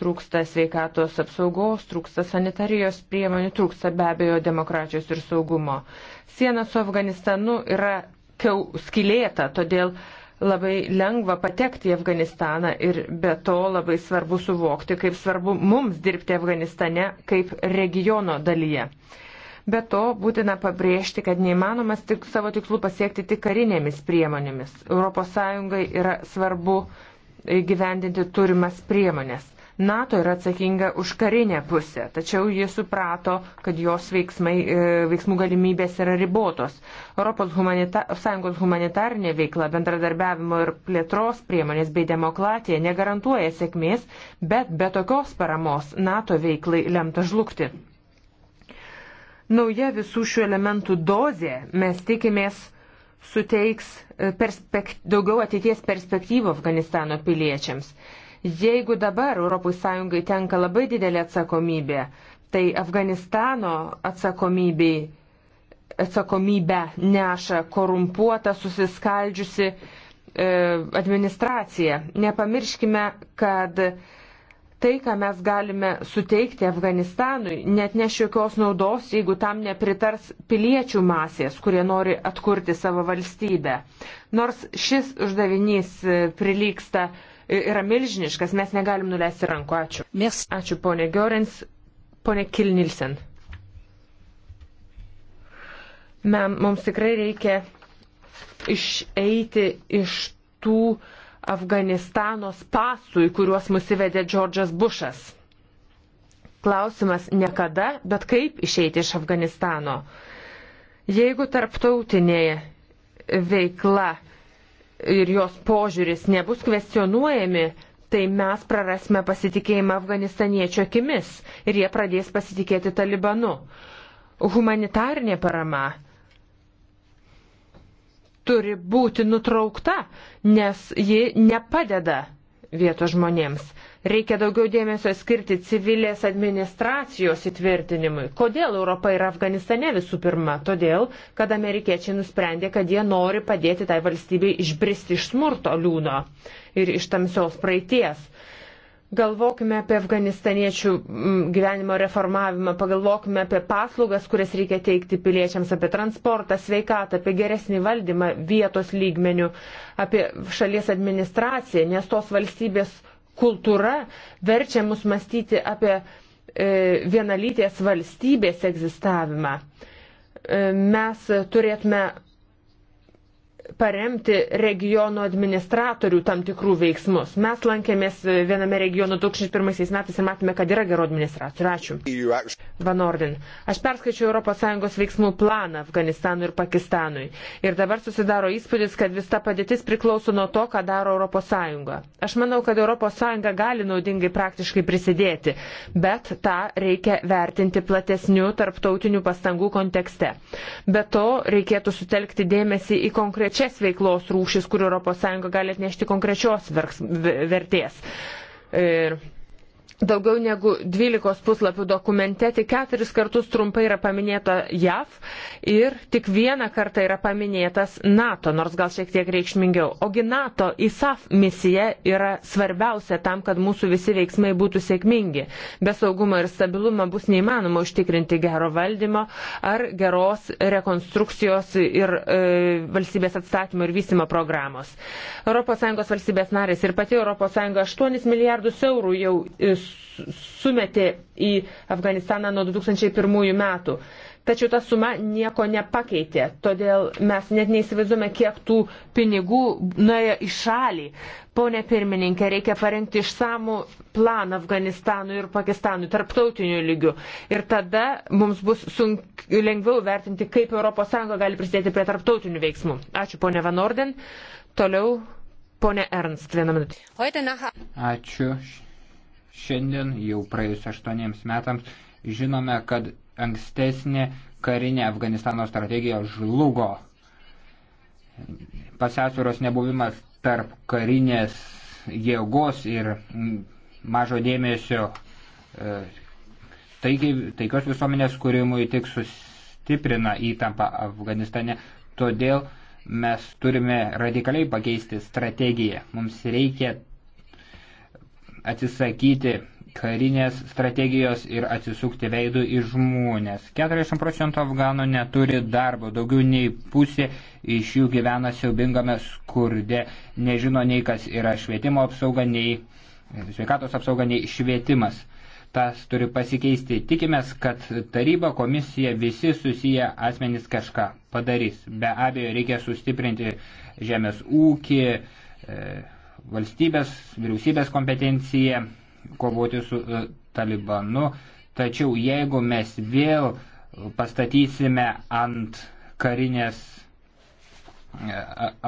Trūksta sveikatos apsaugos, trūksta sanitarijos priemonių, trūksta be abejo demokratijos ir saugumo. Siena su Afganistanu yra kiau skilėta, todėl uh, labai lengva patekti į Afganistaną ir be to labai svarbu suvokti, kaip svarbu mums dirbti Afganistane kaip regiono dalyje. Be to būtina pabrėžti, kad neįmanomas tik savo tikslų pasiekti tik karinėmis priemonėmis. ES yra svarbu gyvendinti turimas priemonės. NATO yra atsakinga už karinę pusę, tačiau ji suprato, kad jos veiksmai, e, veiksmų galimybės yra ribotos. Europos humanita Sąjungos humanitarinė veikla, bendradarbiavimo ir plėtros priemonės bei demokratija negarantuoja sėkmės, bet be tokios paramos NATO veiklai lemta žlugti. Nauja visų šių elementų dozė, mes tikimės, suteiks e, perspekt, daugiau ateities perspektyvų Afganistano piliečiams. Jeigu dabar ES tenka labai didelė atsakomybė, tai Afganistano atsakomybė, atsakomybę neša korumpuota, susiskaldžiusi e, administracija. Nepamirškime, kad tai, ką mes galime suteikti Afganistanui, net neš jokios naudos, jeigu tam nepritars piliečių masės, kurie nori atkurti savo valstybę. Nors šis uždavinys e, prilyksta yra milžiniškas, mes negalim nuleisti rankų. Ačiū. Merci. Ačiū ponė Giorins, ponė Kilnilsen. Mums tikrai reikia išeiti iš tų Afganistano spasų, į kuriuos mus įvedė Džordžas Bušas. Klausimas ne kada, bet kaip išeiti iš Afganistano. Jeigu tarptautinė veikla ir jos požiūris nebus kvestionuojami, tai mes prarasime pasitikėjimą afganistaniečio akimis ir jie pradės pasitikėti talibanu. Humanitarnė parama turi būti nutraukta, nes ji nepadeda vietos žmonėms. Reikia daugiau dėmesio skirti civilės administracijos įtvirtinimui. Kodėl Europa yra Afganistane visų pirma? Todėl, kad amerikiečiai nusprendė, kad jie nori padėti tai valstybei išbristi iš smurto liūno ir iš tamsios praeities galvokime apie afganistaniečių mm, gyvenimo reformavimą, pagalvokime apie paslaugas, kurias reikia teikti piliečiams, apie transportą, sveikatą, apie geresnį valdymą vietos lygmenių, apie šalies administraciją, nes tos valstybės kultūra verčia mus mąstyti apie e, vienalytės valstybės egzistavimą. E, mes turėtume paremti regionų administratorių tam tikrų veiksmus. Mes lankėmės viename regiono 2001 metais ir matėme, kad yra gerų administratorių. Ačiū. Van Orden. Aš perskaičiau ES veiksmų planą Afganistanui ir Pakistanui. Ir dabar susidaro įspūdis, kad visa padėtis priklauso nuo to, ką daro ES. Aš manau, kad ES gali naudingai praktiškai prisidėti, bet tą reikia vertinti platesnių tarptautinių pastangų kontekste. Be to, reikėtų sutelkti dėmesį į konkrečią konkrečias veiklos rūšis, kur ES gali atnešti konkrečios verks, vertės. Ir daugiau negu 12 puslapių dokumente tik keturis kartus trumpai yra paminėta JAV ir tik vieną kartą yra paminėtas NATO, nors gal šiek tiek reikšmingiau. Ogi NATO ISAF misija yra svarbiausia tam, kad mūsų visi veiksmai būtų sėkmingi. Be saugumo ir stabilumo bus neįmanoma užtikrinti gero valdymo ar geros rekonstrukcijos ir e, valstybės atstatymo ir vystimo programos. ES valstybės narės ir pati ES 8 milijardus eurų jau e, sumetė į Afganistaną nuo 2001 metų. Tačiau ta suma nieko nepakeitė, todėl mes net neįsivaizduome, kiek tų pinigų nuėjo į šalį. Pone pirmininkė, reikia parengti išsamų planą Afganistanui ir Pakistanui, tarptautiniu lygiu. Ir tada mums bus sunk, lengviau vertinti, kaip ES gali prisidėti prie tarptautinių veiksmų. Ačiū, ponė Van Orden. Toliau, ponė Ernst, vieną minutę. Ačiū Šiandien jau praėjus aštuoniems metams žinome, kad ankstesnė karinė Afganistano strategija žlugo. Pasiausvėros nebuvimas tarp karinės jėgos ir mažo dėmesio e, taikiai, taikios visuomenės kūrimui tik sustiprina įtampą Afganistane. Todėl mes turime radikaliai pakeisti strategiją. Mums reikia atsisakyti karinės strategijos ir atsisukti veidų į žmonės. 40 procentų afganų neturi darbo, daugiau nei pusė iš jų gyvena siaubingame skurde, nežino nei kas yra švietimo apsauga, nei sveikatos apsauga, nei švietimas. Tas turi pasikeisti. Tikimės, kad taryba, komisija, visi susiję asmenys kažką padarys. Be abejo, reikia sustiprinti žemės ūkį, e, valstybės, vyriausybės kompetencija kovoti su e, Talibanu. Tačiau jeigu mes vėl pastatysime ant karinės e,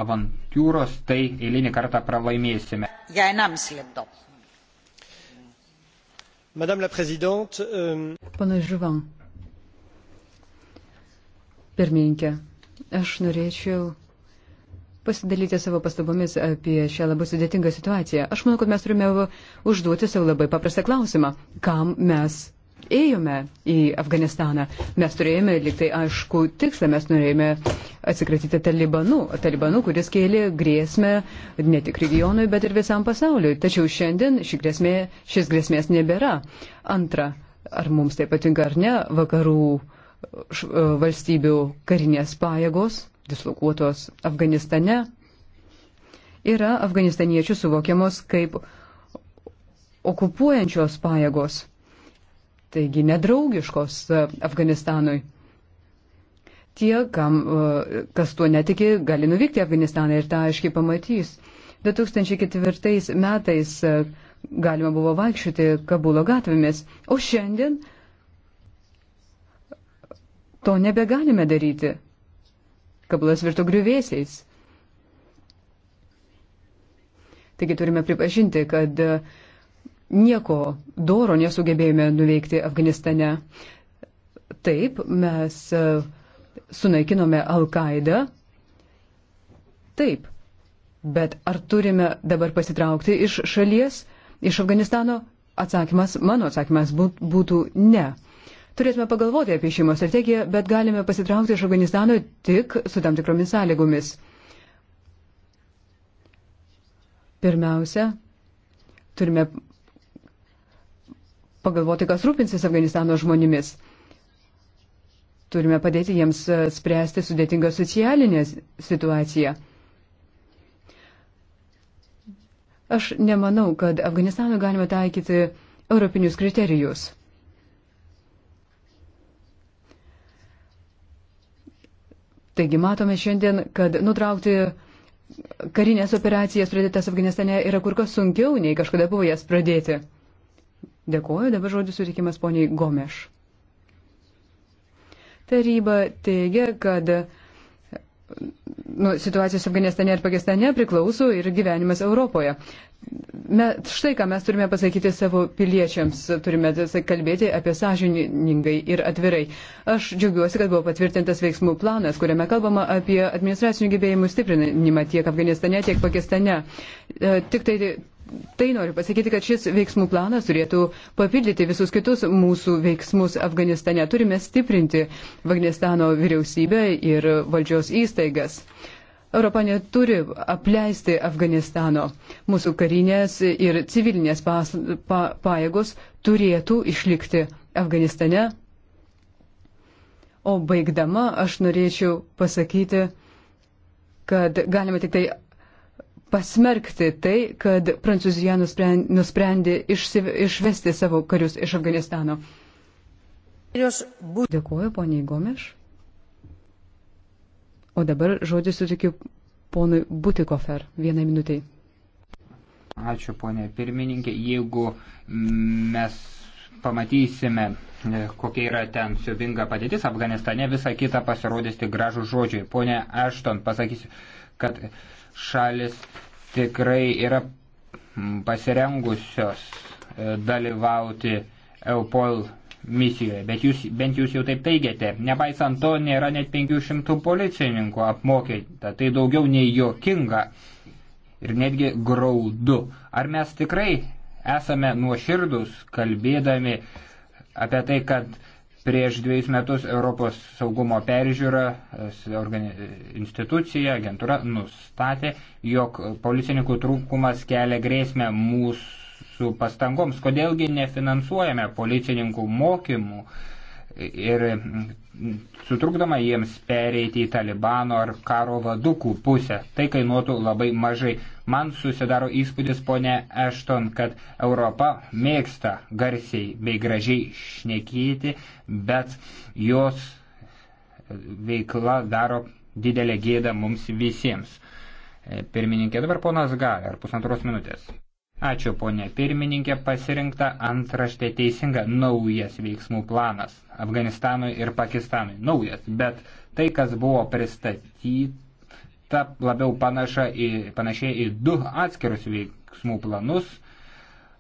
avantūros, tai eilinį kartą pralaimėsime. Madame la Présidente. Euh... Pana Žuvan, pirmininkė, aš norėčiau pasidalyti savo pastabomis apie šią labai sudėtingą situaciją. Aš manau, kad mes turime užduoti savo labai paprastą klausimą. Kam mes ėjome į Afganistaną? Mes turėjome liktai aišku tikslą, mes norėjome atsikratyti talibanų, talibanų, kuris kėlė grėsmę ne tik regionui, bet ir visam pasauliui. Tačiau šiandien ši grėsmė, šis grėsmės nebėra. Antra, ar mums tai patinka ar ne, vakarų e, valstybių karinės pajėgos dislokuotos Afganistane, yra afganistaniečių suvokiamos kaip okupuojančios pajėgos, taigi nedraugiškos e, Afganistanui. Tie, kam, e, kas tuo netiki, gali nuvykti į Afganistaną ir tą aiškiai pamatys. 2004 metais e, galima buvo vaikščioti Kabulo gatvėmis, o šiandien to nebegalime daryti. Kabulas virto griuvėsiais. Taigi turime pripažinti, kad e, nieko doro nesugebėjome nuveikti Afganistane. Taip, mes e, sunaikinome Al-Qaidą. Taip, bet ar turime dabar pasitraukti iš šalies, iš Afganistano? Atsakymas, mano atsakymas būtų ne. Turėtume pagalvoti apie šeimo strategiją, bet galime pasitraukti iš Afganistano tik su tam tikromis sąlygomis. Pirmiausia, turime pagalvoti, kas rūpinsis Afganistano žmonėmis. Turime padėti jiems e, spręsti sudėtingą socialinę situaciją. Aš nemanau, kad Afganistanui galima taikyti europinius kriterijus. Taigi matome šiandien, kad nutraukti karinės operacijas pradėtas Afganistane yra kur kas sunkiau, nei kažkada buvo jas pradėti. Dėkuoju, dabar žodis sutikimas poniai Gomeš. Taryba teigia, kad nu, situacijos Afganistane ir Pakistane priklauso ir gyvenimas Europoje. Me, štai ką mes turime pasakyti savo piliečiams, turime tai kalbėti apie sąžiningai ir atvirai. Aš džiaugiuosi, kad buvo patvirtintas veiksmų planas, kuriame kalbama apie administracinių gebėjimų stiprinimą tiek Afganistane, tiek Pakistane. E, tik tai tai noriu pasakyti, kad šis veiksmų planas turėtų papildyti visus kitus mūsų veiksmus Afganistane. Turime stiprinti Afganistano vyriausybę ir valdžios įstaigas. Europa neturi apleisti Afganistano. Mūsų karinės ir civilinės pas, pa, pajėgos turėtų išlikti Afganistane. O baigdama aš norėčiau pasakyti, kad galime tik tai pasmerkti tai, kad Prancūzija nusprendė išsi, išvesti savo karius iš Afganistano. Dėkuoju, poniai Gomeš. O dabar žodį sutikiu ponui Butikofer vienai minutiai. Ačiū, ponė pirmininkė. Jeigu mes pamatysime, e, kokia yra ten siubinga padėtis Afganistane, visa kita pasirodys tik gražų žodžiai. Pone Ašton, pasakysiu, kad šalis tikrai yra pasirengusios e, dalyvauti EUPOL misijoje, bet jūs, bent jūs jau taip teigiate. Nepaisant to, nėra net 500 policininkų apmokyta, tai daugiau nei jokinga ir netgi graudu. Ar mes tikrai esame nuoširdus kalbėdami apie tai, kad Prieš dviejus metus Europos saugumo peržiūra institucija, agentūra nustatė, jog policininkų trūkumas kelia grėsmę mūsų pastangoms. Kodėlgi nefinansuojame policininkų mokymų ir sutrukdama jiems pereiti į talibano ar karo vadukų pusę. Tai kainuotų labai mažai. Man susidaro įspūdis, ponė Ešton, kad Europa mėgsta garsiai bei gražiai šnekėti, bet jos veikla daro didelę gėdą mums visiems. E, pirmininkė, dabar ponas Galer, pusantros minutės. Ačiū, ponė pirmininkė, pasirinkta antraštė teisinga naujas veiksmų planas Afganistanui ir Pakistanui. Naujas, bet tai, kas buvo pristatyta ta labiau panaša į, panašiai į du atskirus veiksmų planus.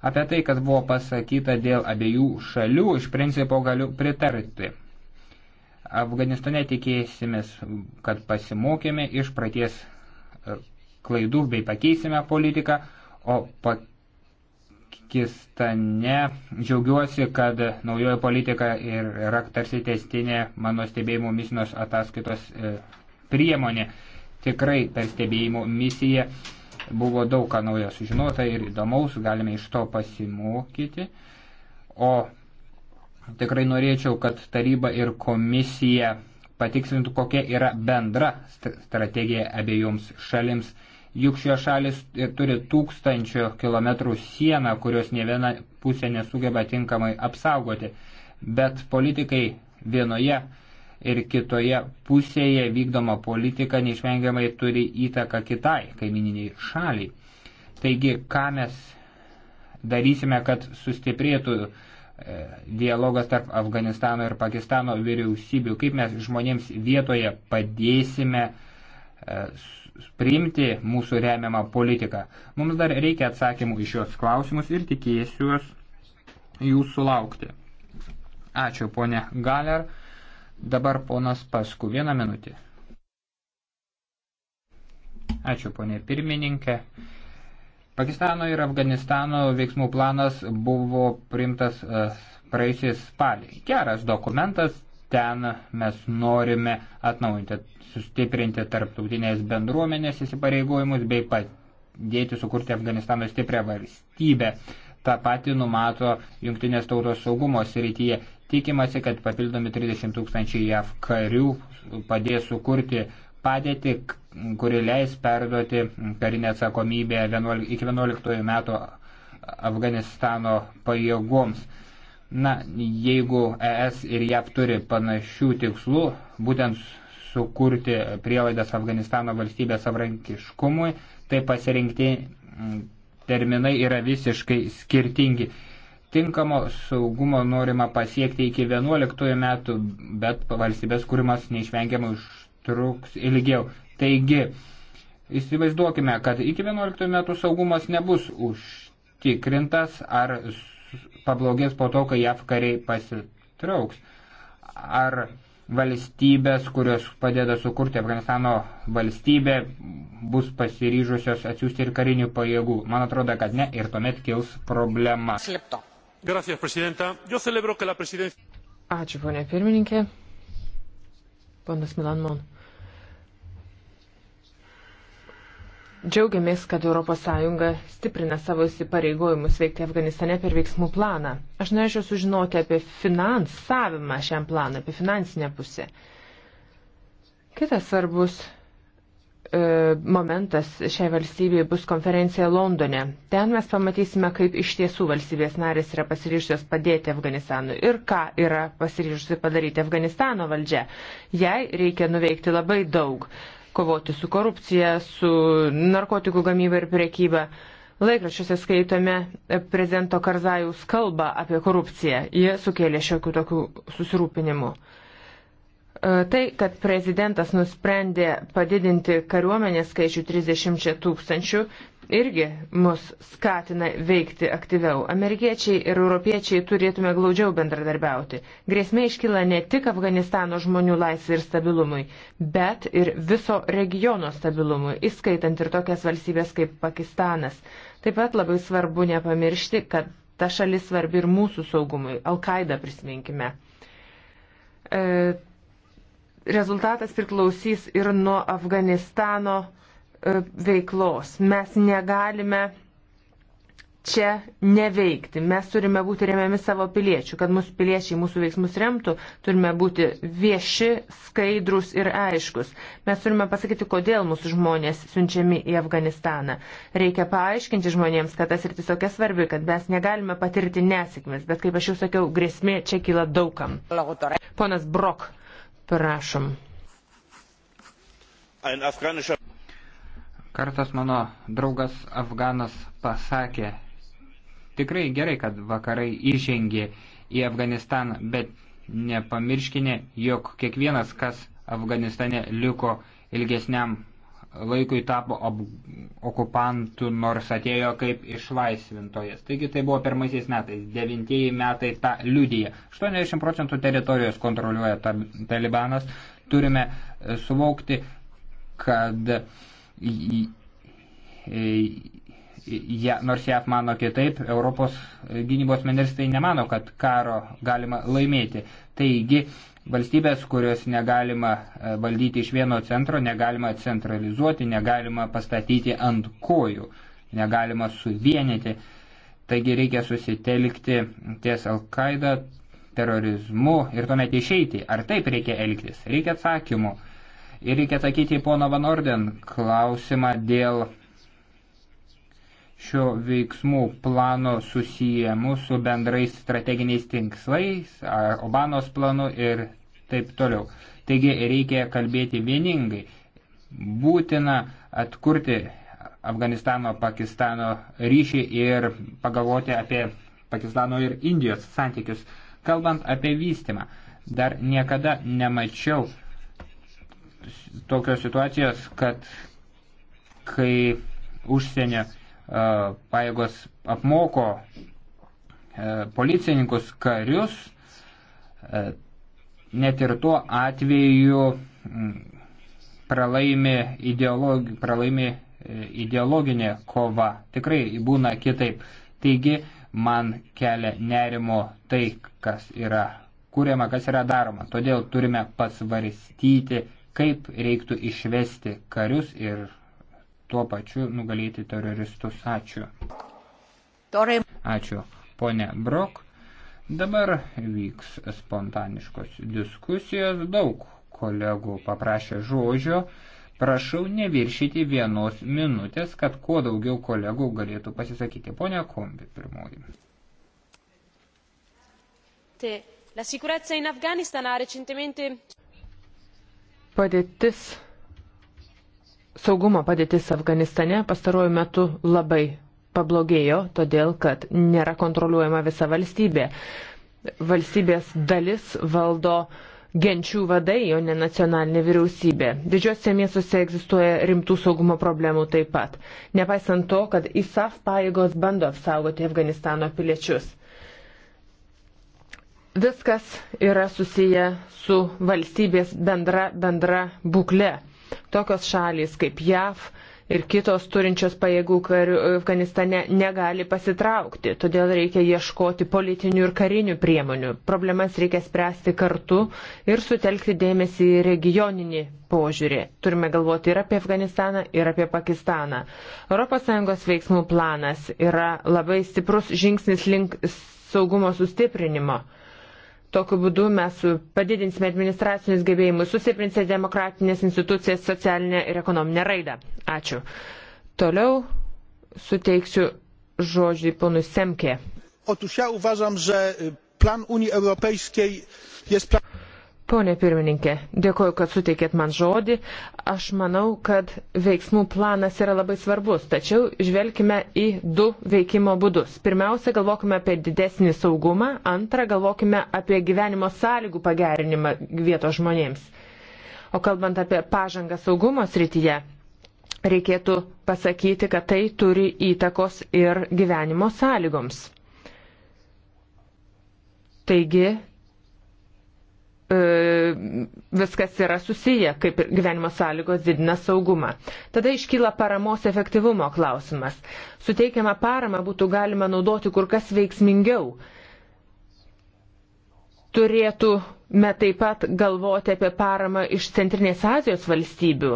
Apie tai, kas buvo pasakyta dėl abiejų šalių, iš principo galiu pritarti. Afganistane tikėsimės, kad pasimokėme iš praties e, klaidų bei pakeisime politiką, o Pakistane džiaugiuosi, kad naujoji politika yra tarsi testinė mano stebėjimų misijos ataskaitos e, priemonė. Tikrai per stebėjimo misiją buvo daug ką naujo sužinota ir įdomaus, galime iš to pasimokyti. O tikrai norėčiau, kad taryba ir komisija patikslintų, kokia yra bendra strategija abiejoms šalims. Juk šios šalis e, turi tūkstančio kilometrų sieną, kurios ne viena pusė nesugeba tinkamai apsaugoti. Bet politikai vienoje ir kitoje pusėje vykdoma politika neišvengiamai turi įtaką kitai kaimininiai šaliai. Taigi, ką mes darysime, kad sustiprėtų e, dialogas tarp Afganistano ir Pakistano vyriausybių, kaip mes žmonėms vietoje padėsime e, priimti mūsų remiamą politiką. Mums dar reikia atsakymų iš juos klausimus ir tikėsiuos jų sulaukti. Ačiū, ponė Galer. Dabar ponas Pasku, vieną minutį. Ačiū, ponė pirmininkė. Pakistano ir Afganistano veiksmų planas buvo priimtas e, praeisiais spalį. Geras dokumentas, ten mes norime atnaujinti, sustiprinti tarptautinės bendruomenės įsipareigojimus bei padėti sukurti Afganistano stiprią valstybę. Ta pati numato Junktinės tautos saugumo srityje. Tikimasi, kad papildomi 30 tūkstančiai JAV karių padės sukurti padėtį, kuri leis perduoti karinę atsakomybę 11, iki 11 metų Afganistano pajėgoms. Na, jeigu ES ir JAV turi panašių tikslų, būtent sukurti prielaidas Afganistano valstybės savrankiškumui, tai pasirinkti terminai yra visiškai skirtingi tinkamo saugumo norima pasiekti iki 11 metų, bet valstybės kūrimas neišvengiamai užtruks ilgiau. Taigi, įsivaizduokime, kad iki 11 metų saugumas nebus užtikrintas ar pablogės po to, kai JAV kariai pasitrauks. Ar valstybės, kurios padeda sukurti Afganistano valstybę, bus pasiryžusios atsiųsti ir karinių pajėgų. Man atrodo, kad ne ir tuomet kils problema. Slipto. Gracias, presidenta. Yo celebro que la presidencia. Ačiū, ponė pirmininkė. Ponas Milanmon. Džiaugiamės, kad ES stiprina savo įsipareigojimus veikti Afganistane per veiksmų planą. Aš norėčiau sužinoti apie finansavimą šiam planui, apie finansinę pusę. Kitas svarbus E, momentas šiai valstybei bus konferencija Londone. Ten mes pamatysime, kaip iš tiesų valstybės narės yra pasiryžusios padėti Afganistanui ir ką yra pasiryžusi padaryti Afganistano valdžia. Jai reikia nuveikti labai daug - kovoti su korupcija, su narkotikų gamyba ir priekyba. Laikraščiuose skaitome e, prezidento Karzajaus kalbą apie korupciją. Ji sukėlė šiokių tokių susirūpinimų. E, tai, kad prezidentas nusprendė padidinti kariuomenės skaičių 30 tūkstančių, irgi mus skatina veikti aktyviau. Amerikiečiai ir europiečiai turėtume glaudžiau bendradarbiauti. Grėsmė iškyla ne tik Afganistano žmonių laisvė ir stabilumui, bet ir viso regiono stabilumui, įskaitant ir tokias valstybės kaip Pakistanas. Taip pat labai svarbu nepamiršti, kad ta šalis svarbi ir mūsų saugumui. Al-Qaeda prisiminkime. E, rezultatas priklausys ir nuo Afganistano e, veiklos. Mes negalime čia neveikti. Mes turime būti remiami savo piliečių. Kad mūsų piliečiai mūsų veiksmus remtų, turime būti vieši, skaidrus ir aiškus. Mes turime pasakyti, kodėl mūsų žmonės siunčiami į Afganistaną. Reikia paaiškinti žmonėms, kad tas ir tiesiog svarbi, kad mes negalime patirti nesėkmės. Bet kaip aš jau sakiau, grėsmė čia kyla daugam. Ponas Brok. Prašom. Kartas mano draugas Afganas pasakė, tikrai gerai, kad vakarai įžengė į Afganistaną, bet nepamirškime, jog kiekvienas, kas Afganistane liko ilgesniam laikui tapo okupantų, nors atėjo kaip išlaisvintojas. Taigi tai buvo pirmaisiais metais, devintieji metai tą liudyje. 80 procentų teritorijos kontroliuoja ta, talibanas. Turime e, suvokti, kad e, ja, nors JAF mano kitaip, Europos gynybos ministrai nemano, kad karo galima laimėti. Taigi Valstybės, kurios negalima e, valdyti iš vieno centro, negalima centralizuoti, negalima pastatyti ant kojų, negalima suvienyti. Taigi reikia susitelkti ties Al-Qaeda terorizmu ir tuomet išeiti. Ar taip reikia elgtis? Reikia atsakymų. Ir reikia atsakyti į pono Van Orden klausimą dėl šio veiksmų plano susijęmu su bendrais strateginiais tinklais, Obanos planu ir taip toliau. Taigi reikia kalbėti vieningai. Būtina atkurti Afganistano, Pakistano ryšį ir pagalvoti apie Pakistano ir Indijos santykius. Kalbant apie vystimą, dar niekada nemačiau tokios situacijos, kad kai užsienio paėgos apmoko policininkus, karius, net ir tuo atveju pralaimi, ideologi, pralaimi e, ideologinė kova. Tikrai būna kitaip. Taigi man kelia nerimo tai, kas yra kūriama, kas yra daroma. Todėl turime pasvarstyti, kaip reiktų išvesti karius ir tuo pačiu nugalėti teroristus. Ačiū. Ačiū, ponė Brok. Dabar vyks spontaniškos diskusijos. Daug kolegų paprašė žodžio. Prašau neviršyti vienos minutės, kad kuo daugiau kolegų galėtų pasisakyti. Pone Kombi, pirmoji. Padėtis saugumo padėtis Afganistane pastaruoju metu labai pablogėjo, todėl kad nėra kontroliuojama visa valstybė. Valstybės dalis valdo genčių vadai, o ne nacionalinė vyriausybė. Didžiuose miestuose egzistuoja rimtų saugumo problemų taip pat. Nepaisant to, kad ISAF pajėgos bando apsaugoti Afganistano piliečius. Viskas yra susiję su valstybės bendra, bendra būkle Tokios šalys kaip JAV ir kitos turinčios pajėgų karių Afganistane negali pasitraukti, todėl reikia ieškoti politinių ir karinių priemonių. Problemas reikia spręsti kartu ir sutelkti dėmesį į regioninį požiūrį. Turime galvoti ir apie Afganistaną, ir apie Pakistaną. ES veiksmų planas yra labai stiprus žingsnis link saugumo sustiprinimo. Tokiu būdu mes padidinsime administracinius gebėjimus, susiprinsime demokratinės institucijas, socialinę ir ekonominę raidą. Ačiū. Toliau suteiksiu žodžiai ponui Semkė. Otóż ja uważam, że plan Unii Europejskiej jest plan... Pone pirmininkė, dėkoju, kad suteikėt man žodį. Aš manau, kad veiksmų planas yra labai svarbus, tačiau žvelgime į du veikimo būdus. Pirmiausia, galvokime apie didesnį saugumą, antra, galvokime apie gyvenimo sąlygų pagerinimą vietos žmonėms. O kalbant apie pažangą saugumo srityje, reikėtų pasakyti, kad tai turi įtakos ir gyvenimo sąlygoms. Taigi, E, viskas yra susiję, kaip ir gyvenimo sąlygos didina saugumą. Tada iškyla paramos efektyvumo klausimas. Suteikiamą paramą būtų galima naudoti kur kas veiksmingiau. Turėtume taip pat galvoti apie paramą iš Centrinės Azijos valstybių.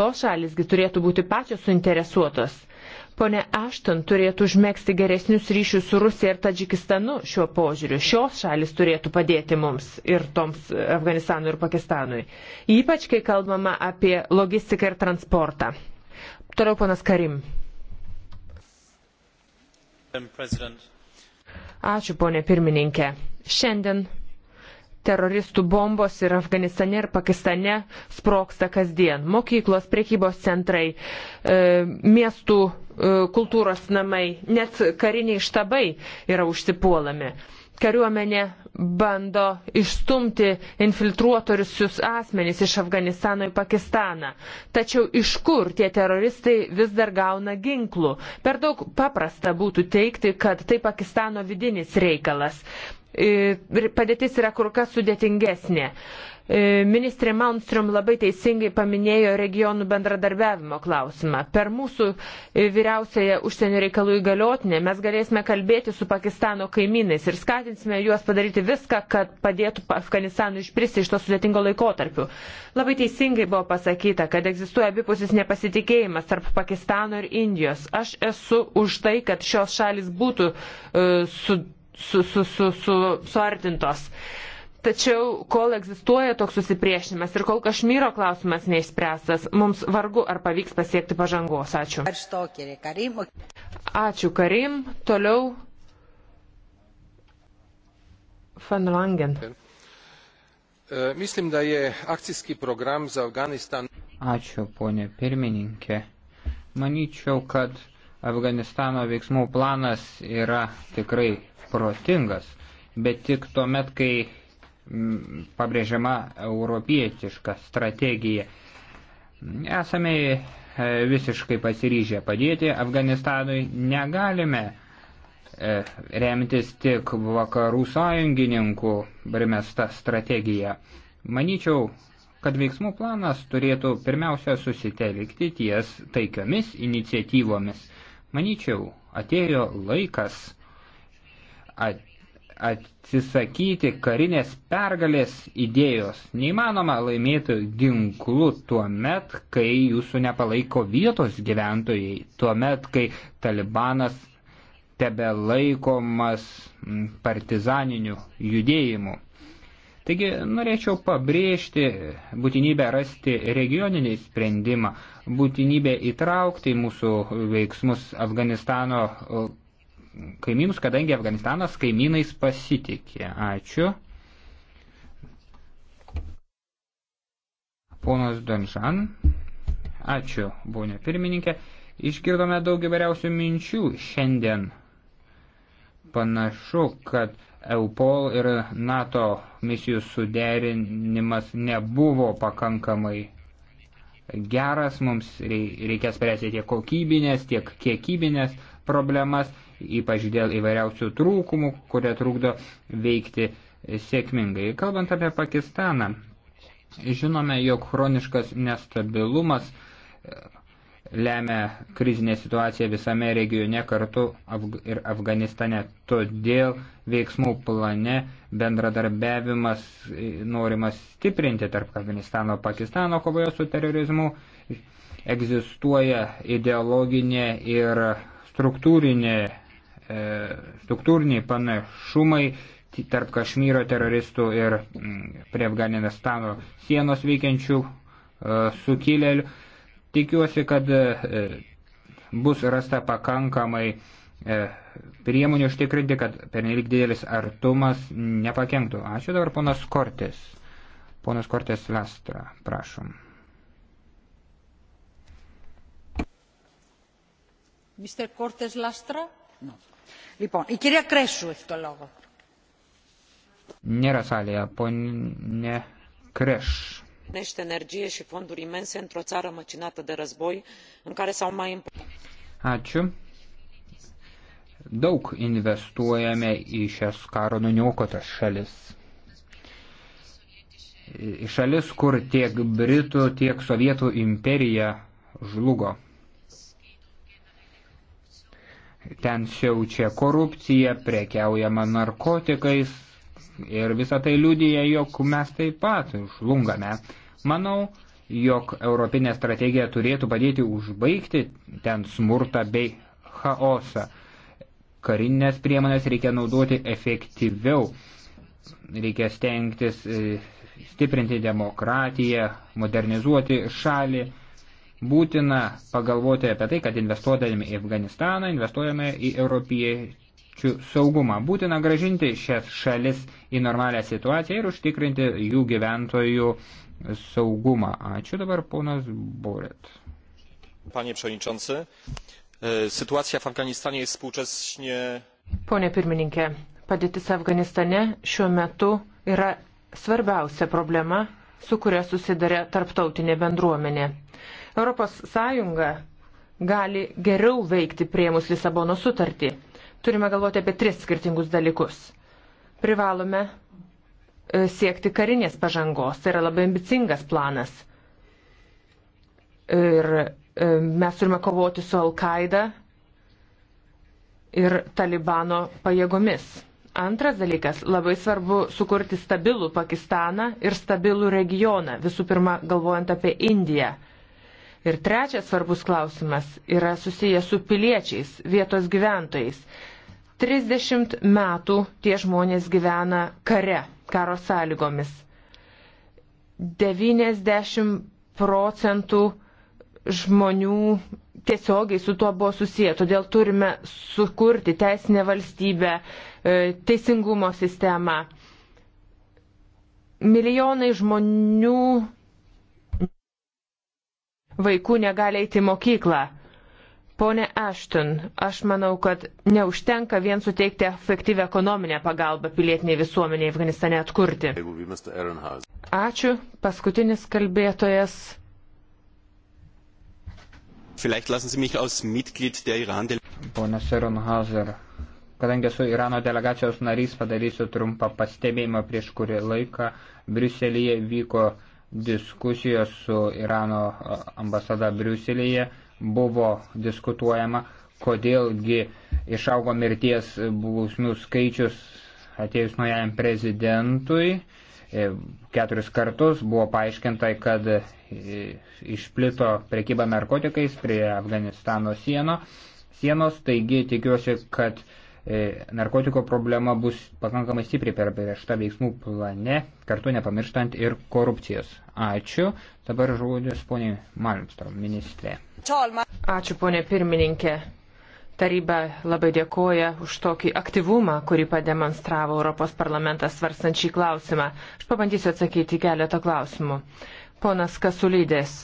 To šalisgi turėtų būti pačios suinteresuotos Pone Ašton turėtų užmėgsti geresnius ryšius su Rusija ir Tadžikistanu šiuo požiūriu. Šios šalis turėtų padėti mums ir toms Afganistanui ir Pakistanui. Ypač, kai kalbama apie logistiką ir transportą. Toliau ponas Karim. Ačiū, ponė pirmininkė. Šiandien teroristų bombos ir Afganistane ir Pakistane sproksta kasdien. Mokyklos, priekybos centrai, e, miestų e, kultūros namai, net kariniai štabai yra užsipuolami. Kariuomenė bando išstumti infiltruotorius asmenys iš Afganistano į Pakistaną. Tačiau iš kur tie teroristai vis dar gauna ginklų? Per daug paprasta būtų teikti, kad tai Pakistano vidinis reikalas. E, padėtis yra kur kas sudėtingesnė. E, ministrė Malmström labai teisingai paminėjo regionų bendradarbiavimo klausimą. Per mūsų e, vyriausiąją užsienio reikalų įgaliotinę mes galėsime kalbėti su Pakistano kaimynais ir skatinsime juos padaryti viską, kad padėtų Afganistanui išpristi iš to sudėtingo laikotarpiu. Labai teisingai buvo pasakyta, kad egzistuoja abipusis nepasitikėjimas tarp Pakistano ir Indijos. Aš esu už tai, kad šios šalis būtų uh, su, su, su, su, su, suartintos. Tačiau, kol egzistuoja toks susipriešinimas ir kol Kašmyro klausimas neišspręstas, mums vargu ar pavyks pasiekti pažangos. Ačiū. Ačiū, Karim. Toliau. Van Langen. E, mislim, da je akcijski program za Afganistan. Ačiū, ponė pirmininkė. Manyčiau, kad Afganistano veiksmų planas yra tikrai protingas, bet tik tuomet, kai mm, pabrėžiama europietiška strategija. Esame e, visiškai pasiryžę padėti Afganistanui, negalime e, remtis tik vakarų sąjungininkų primesta strategija. Manyčiau, kad veiksmų planas turėtų pirmiausia susitelkti ties taikiomis iniciatyvomis. Manyčiau, atėjo laikas atsisakyti karinės pergalės idėjos. Neįmanoma laimėti ginklu tuo met, kai jūsų nepalaiko vietos gyventojai, tuo met, kai talibanas tebe laikomas mm, partizaniniu judėjimu. Taigi norėčiau pabrėžti būtinybę rasti regioninį sprendimą, būtinybę įtraukti į mūsų veiksmus Afganistano kaimynus, kadangi Afganistanas kaimynais pasitikė. Ačiū. Ponas Donžan, ačiū, bonė pirmininkė. Išgirdome daug įvairiausių minčių šiandien. Panašu, kad EUPOL ir NATO misijų suderinimas nebuvo pakankamai geras, mums reikės spręsti tiek kokybinės, tiek kiekybinės problemas, ypač dėl įvairiausių trūkumų, kurie trukdo veikti sėkmingai. Kalbant apie Pakistaną, žinome, jog chroniškas nestabilumas e, lemia krizinė situacija visame regione kartu ir Afganistane. Todėl veiksmų plane bendradarbiavimas e, norimas stiprinti tarp Afganistano ir Pakistano kovoje su terorizmu. Egzistuoja ideologinė ir struktūrinė, e, struktūriniai panašumai tarp Kašmyro teroristų ir prie Afganistano sienos veikiančių e, sukilėlių. Tikiuosi, kad e, bus rasta pakankamai priemonių užtikrinti, kad pernelyg didelis artumas nepakenktų. Ačiū dabar ponas Kortis. Ponas Kortis Lestra, prašom. Nėra salėje, ponė Kreš. Nește energie și fonduri imense într-o țară măcinată de război, în care s-au mai... Ačiū. Daug investuojame į šias karo nuniokotas šalis šalis, kur tiek Britų, tiek Sovietų imperija žlugo. Ten siaučia korupcija, prekiaujama narkotikais ir visą tai liudyja, jog mes taip pat žlungame. Manau, jog Europinė strategija turėtų padėti užbaigti ten smurtą bei chaosą. Karinės priemonės reikia naudoti efektyviau. Reikia stengtis e, stiprinti demokratiją, modernizuoti šalį būtina pagalvoti apie tai, kad investuodami į Afganistaną investuojame į europiečių saugumą. Būtina gražinti šias šalis į normalią situaciją ir užtikrinti jų gyventojų saugumą. Ačiū dabar ponas Boret. Panie Przewodniczący, e, sytuacja w Afganistanie jest współcześnie. Pone pirmininkė, padėtis Afganistane šiuo metu yra svarbiausia problema, su kuria susidarė tarptautinė bendruomenė ES gali geriau veikti priemus Lisabono sutartį. Turime galvoti apie tris skirtingus dalykus. Privalome e, siekti karinės pažangos. Tai yra labai ambicingas planas. Ir e, mes turime kovoti su Al-Qaida ir Talibano pajėgomis. Antras dalykas, labai svarbu sukurti stabilų Pakistaną ir stabilų regioną, visų pirma galvojant apie Indiją. Ir trečias svarbus klausimas yra susijęs su piliečiais, vietos gyventojais. 30 metų tie žmonės gyvena kare, karo sąlygomis. 90 procentų žmonių tiesiogiai su tuo buvo susiję. Todėl turime sukurti teisinę valstybę, e, teisingumo sistemą. Milijonai žmonių vaikų negali eiti į mokyklą. Pone Ashton, aš manau, kad neužtenka vien suteikti efektyvę ekonominę pagalbą pilietiniai visuomeniai Afganistane atkurti. Ačiū. Paskutinis kalbėtojas. Ponas Ehrenhauser, kadangi esu Irano delegacijos narys, padarysiu trumpą pastebėjimą prieš kurį laiką. Briuselėje vyko diskusijos su Irano ambasada Briuselėje buvo diskutuojama, kodėlgi išaugo mirties bausmių skaičius atėjus naujajam prezidentui. E, keturis kartus buvo paaiškinta, kad e, išplito prekyba narkotikais prie Afganistano sieno, sienos, taigi tikiuosi, kad E, narkotiko problema bus pakankamai stipriai perbrėžta veiksmų plane, kartu nepamirštant ir korupcijos. Ačiū. Dabar žodis poniai Malmstrom, ministrė. Ačiū ponė pirmininkė. Taryba labai dėkoja už tokį aktyvumą, kurį pademonstravo Europos parlamentas svarstant šį klausimą. Aš pabandysiu atsakyti keletą klausimų. Ponas Kasulydės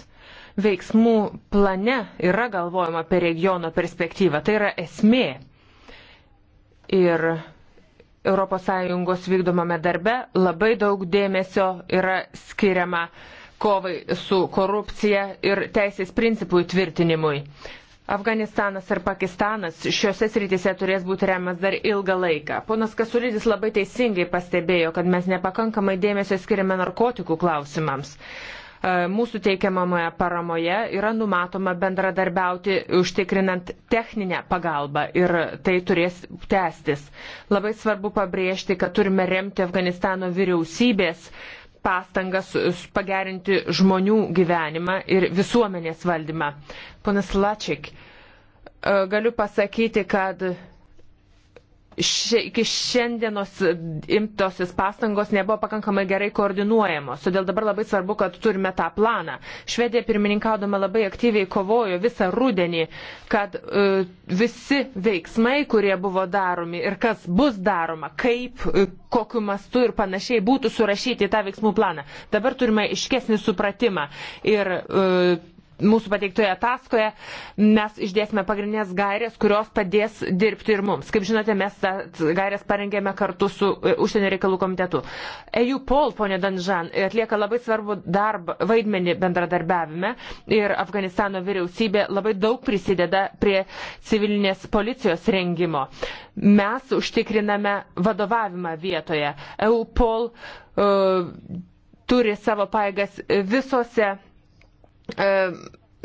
veiksmų plane yra galvojama apie regiono perspektyvą. Tai yra esmė ir ES vykdomame darbe labai daug dėmesio yra skiriama kovai su korupcija ir teisės principų įtvirtinimui. Afganistanas ir Pakistanas šiuose srityse turės būti remiamas dar ilgą laiką. Ponas Kasulidis labai teisingai pastebėjo, kad mes nepakankamai dėmesio skiriame narkotikų klausimams. E, mūsų teikiamoje paramoje yra numatoma bendradarbiauti užtikrinant techninę pagalbą ir tai turės tęstis. Labai svarbu pabrėžti, kad turime remti Afganistano vyriausybės pastangas pagerinti žmonių gyvenimą ir visuomenės valdymą. Ponas Lačik, e, galiu pasakyti, kad ši, iki šiandienos imtosios pastangos nebuvo pakankamai gerai koordinuojamos. Todėl dabar labai svarbu, kad turime tą planą. Švedija pirmininkaudama labai aktyviai kovojo visą rudenį, kad uh, visi veiksmai, kurie buvo daromi ir kas bus daroma, kaip, uh, kokiu mastu ir panašiai būtų surašyti į tą veiksmų planą. Dabar turime iškesnį supratimą ir uh, mūsų pateiktoje ataskoje mes išdėsime pagrindinės gairės, kurios padės dirbti ir mums. Kaip žinote, mes tą gairės parengėme kartu su e, užsienio reikalų komitetu. EU Pol, ponė Danžan, atlieka labai svarbu darbą, vaidmenį bendradarbiavime ir Afganistano vyriausybė labai daug prisideda prie civilinės policijos rengimo. Mes užtikriname vadovavimą vietoje. EU Pol uh, turi savo paėgas visose E,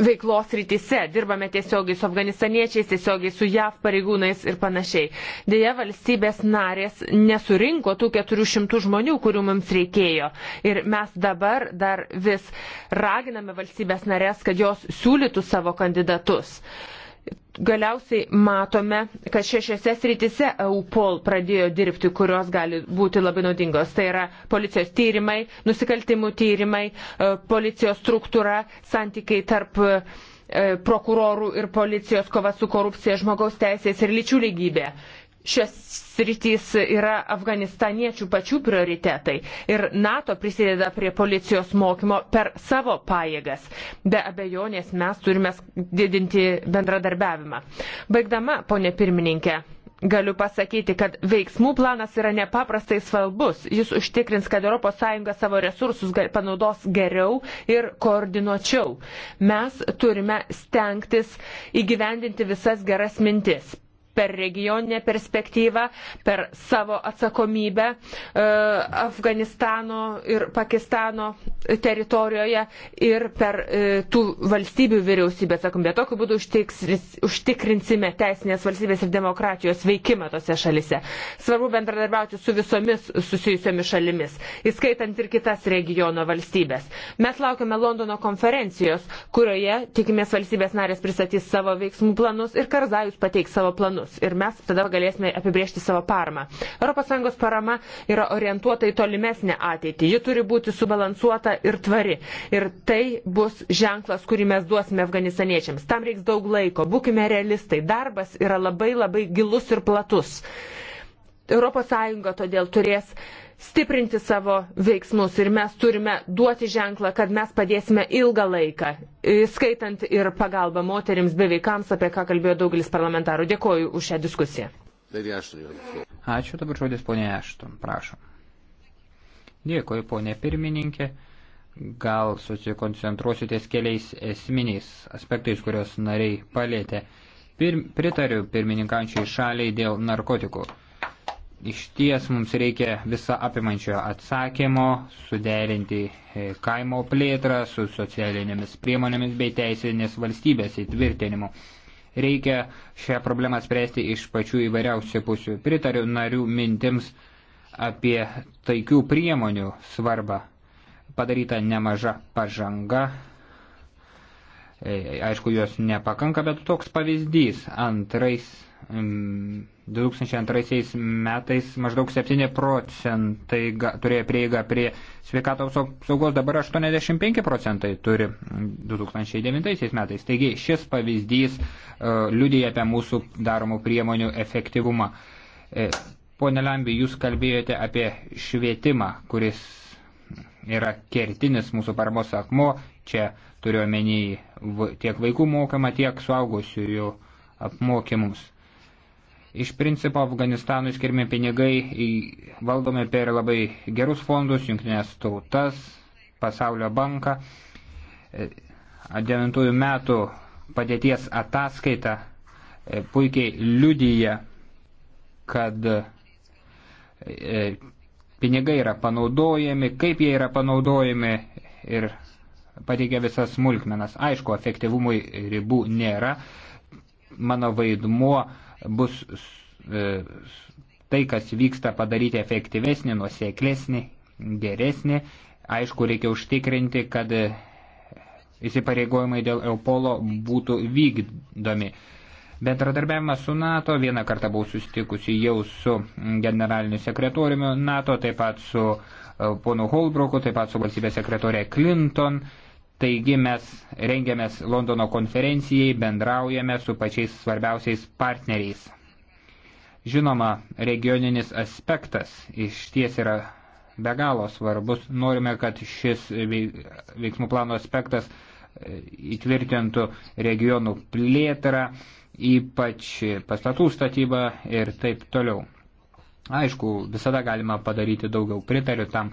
veiklos rytise, dirbame tiesiogiai su afganistaniečiais, tiesiogiai su JAV pareigūnais ir panašiai. Deja, valstybės narės nesurinko tų 400 žmonių, kurių mums reikėjo. Ir mes dabar dar vis raginame valstybės narės, kad jos siūlytų savo kandidatus. Uh, Galiausiai matome, kad šešiose srityse EUPOL pradėjo dirbti, kurios gali būti labai naudingos. Tai yra policijos tyrimai, nusikaltimų tyrimai, e, policijos struktūra, santykiai tarp e, prokurorų ir policijos kova su korupcija, žmogaus teisės ir lyčių lygybė šios sritys yra afganistaniečių pačių prioritetai ir NATO prisideda prie policijos mokymo per savo pajėgas. Be abejonės mes turime didinti bendradarbiavimą. Baigdama, ponė pirmininkė, galiu pasakyti, kad veiksmų planas yra nepaprastai svarbus. Jis užtikrins, kad ES savo resursus panaudos geriau ir koordinuočiau. Mes turime stengtis įgyvendinti visas geras mintis per regioninę perspektyvą, per savo atsakomybę e, Afganistano ir Pakistano teritorijoje ir per e, tų valstybių vyriausybę atsakomybę. Tokiu būdu užtikrinsime teisinės valstybės ir demokratijos veikimą tose šalise. Svarbu bendradarbiauti su visomis susijusiomis šalimis, įskaitant ir kitas regiono valstybės. Mes laukiame Londono konferencijos, kurioje tikimės valstybės narės pristatys savo veiksmų planus ir Karzajus pateiks savo planus. Ir mes tada galėsime apibriežti savo paramą. ES parama yra orientuota į tolimesnę ateitį. Ji turi būti subalansuota teisinga ir tvari. Ir tai bus ženklas, kurį mes duosime afganistaniečiams. Tam reiks daug laiko, būkime realistai. Darbas yra labai labai gilus ir platus. ES todėl turės stiprinti savo veiksmus ir mes turime duoti ženklą, kad mes padėsime ilgą laiką, skaitant ir pagalbą moteriams bei vaikams, apie ką kalbėjo daugelis parlamentarų. Dėkoju už šią diskusiją. Ačiū dabar žodis ponė Ešton, prašom. Dėkoju ponė pirmininkė gal susikoncentruositės keliais esminiais aspektais, kurios nariai palėtė. Pir, pritariu pirmininkančiai šaliai dėl narkotikų. Iš ties mums reikia visą apimančio atsakymo, suderinti e, kaimo plėtrą su socialinėmis priemonėmis bei teisinės valstybės įtvirtinimu. Reikia šią problemą spręsti iš pačių įvairiausių pusių. Pritariu narių mintims apie taikių priemonių svarbą padaryta nemaža pažanga. E, aišku, jos nepakanka, bet toks pavyzdys. Antrais, 2002 metais maždaug 7 procentai turėjo prieigą prie sveikatos apsaugos, dabar 85 procentai turi 2009 metais. Taigi šis pavyzdys e, liudija apie mūsų daromų priemonių efektyvumą. E, pone Lambi, jūs kalbėjote apie švietimą, kuris yra kertinis mūsų paramos akmo. Čia turiu omeny tiek vaikų mokymą, tiek suaugusiųjų apmokymus. Iš principo Afganistanui skirmi pinigai valdomi per labai gerus fondus, jungtinės tautas, pasaulio banką. 9 e, metų padėties ataskaita e, puikiai liudyja, kad e, pinigai yra panaudojami, kaip jie yra panaudojami ir pateikia visas smulkmenas. Aišku, efektyvumui ribų nėra. Mano vaidmuo bus e, tai, kas vyksta, padaryti efektyvesnį, nuoseklesnį, geresnį. Aišku, reikia užtikrinti, kad įsipareigojimai dėl Eupolo būtų vykdomi bendradarbiavimas su NATO. Vieną kartą buvau susitikusi jau su generaliniu sekretoriumi NATO, taip pat su e, ponu Holbroku, taip pat su valstybės sekretorė Clinton. Taigi mes rengiamės Londono konferencijai, bendraujame su pačiais svarbiausiais partneriais. Žinoma, regioninis aspektas iš ties yra be galo svarbus. Norime, kad šis veiksmų plano aspektas e, įtvirtintų regionų plėtrą, ypač pastatų statyba ir taip toliau. Aišku, visada galima padaryti daugiau, pritariu tam.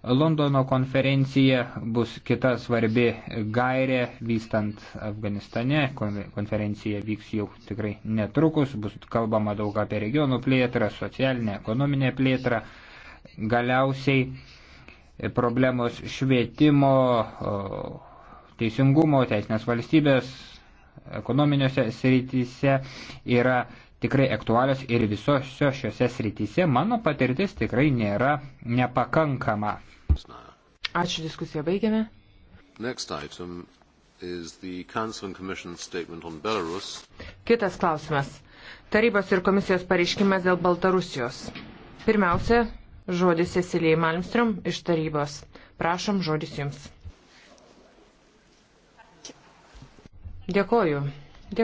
Londono konferencija bus kita svarbi gairė vystant Afganistane. Konferencija vyks jau tikrai netrukus, bus kalbama daug apie regionų plėtrą, socialinę, ekonominę plėtrą. Galiausiai problemos švietimo, teisingumo, teisinės valstybės ekonominiuose srityse yra tikrai aktualios ir visose šiuose srityse mano patirtis tikrai nėra nepakankama. Ačiū, diskusiją baigiame. Kitas klausimas. Tarybos ir komisijos pareiškimas dėl Baltarusijos. Pirmiausia, žodis Cecilijai Malmström iš tarybos. Prašom, žodis jums. Dėkoju.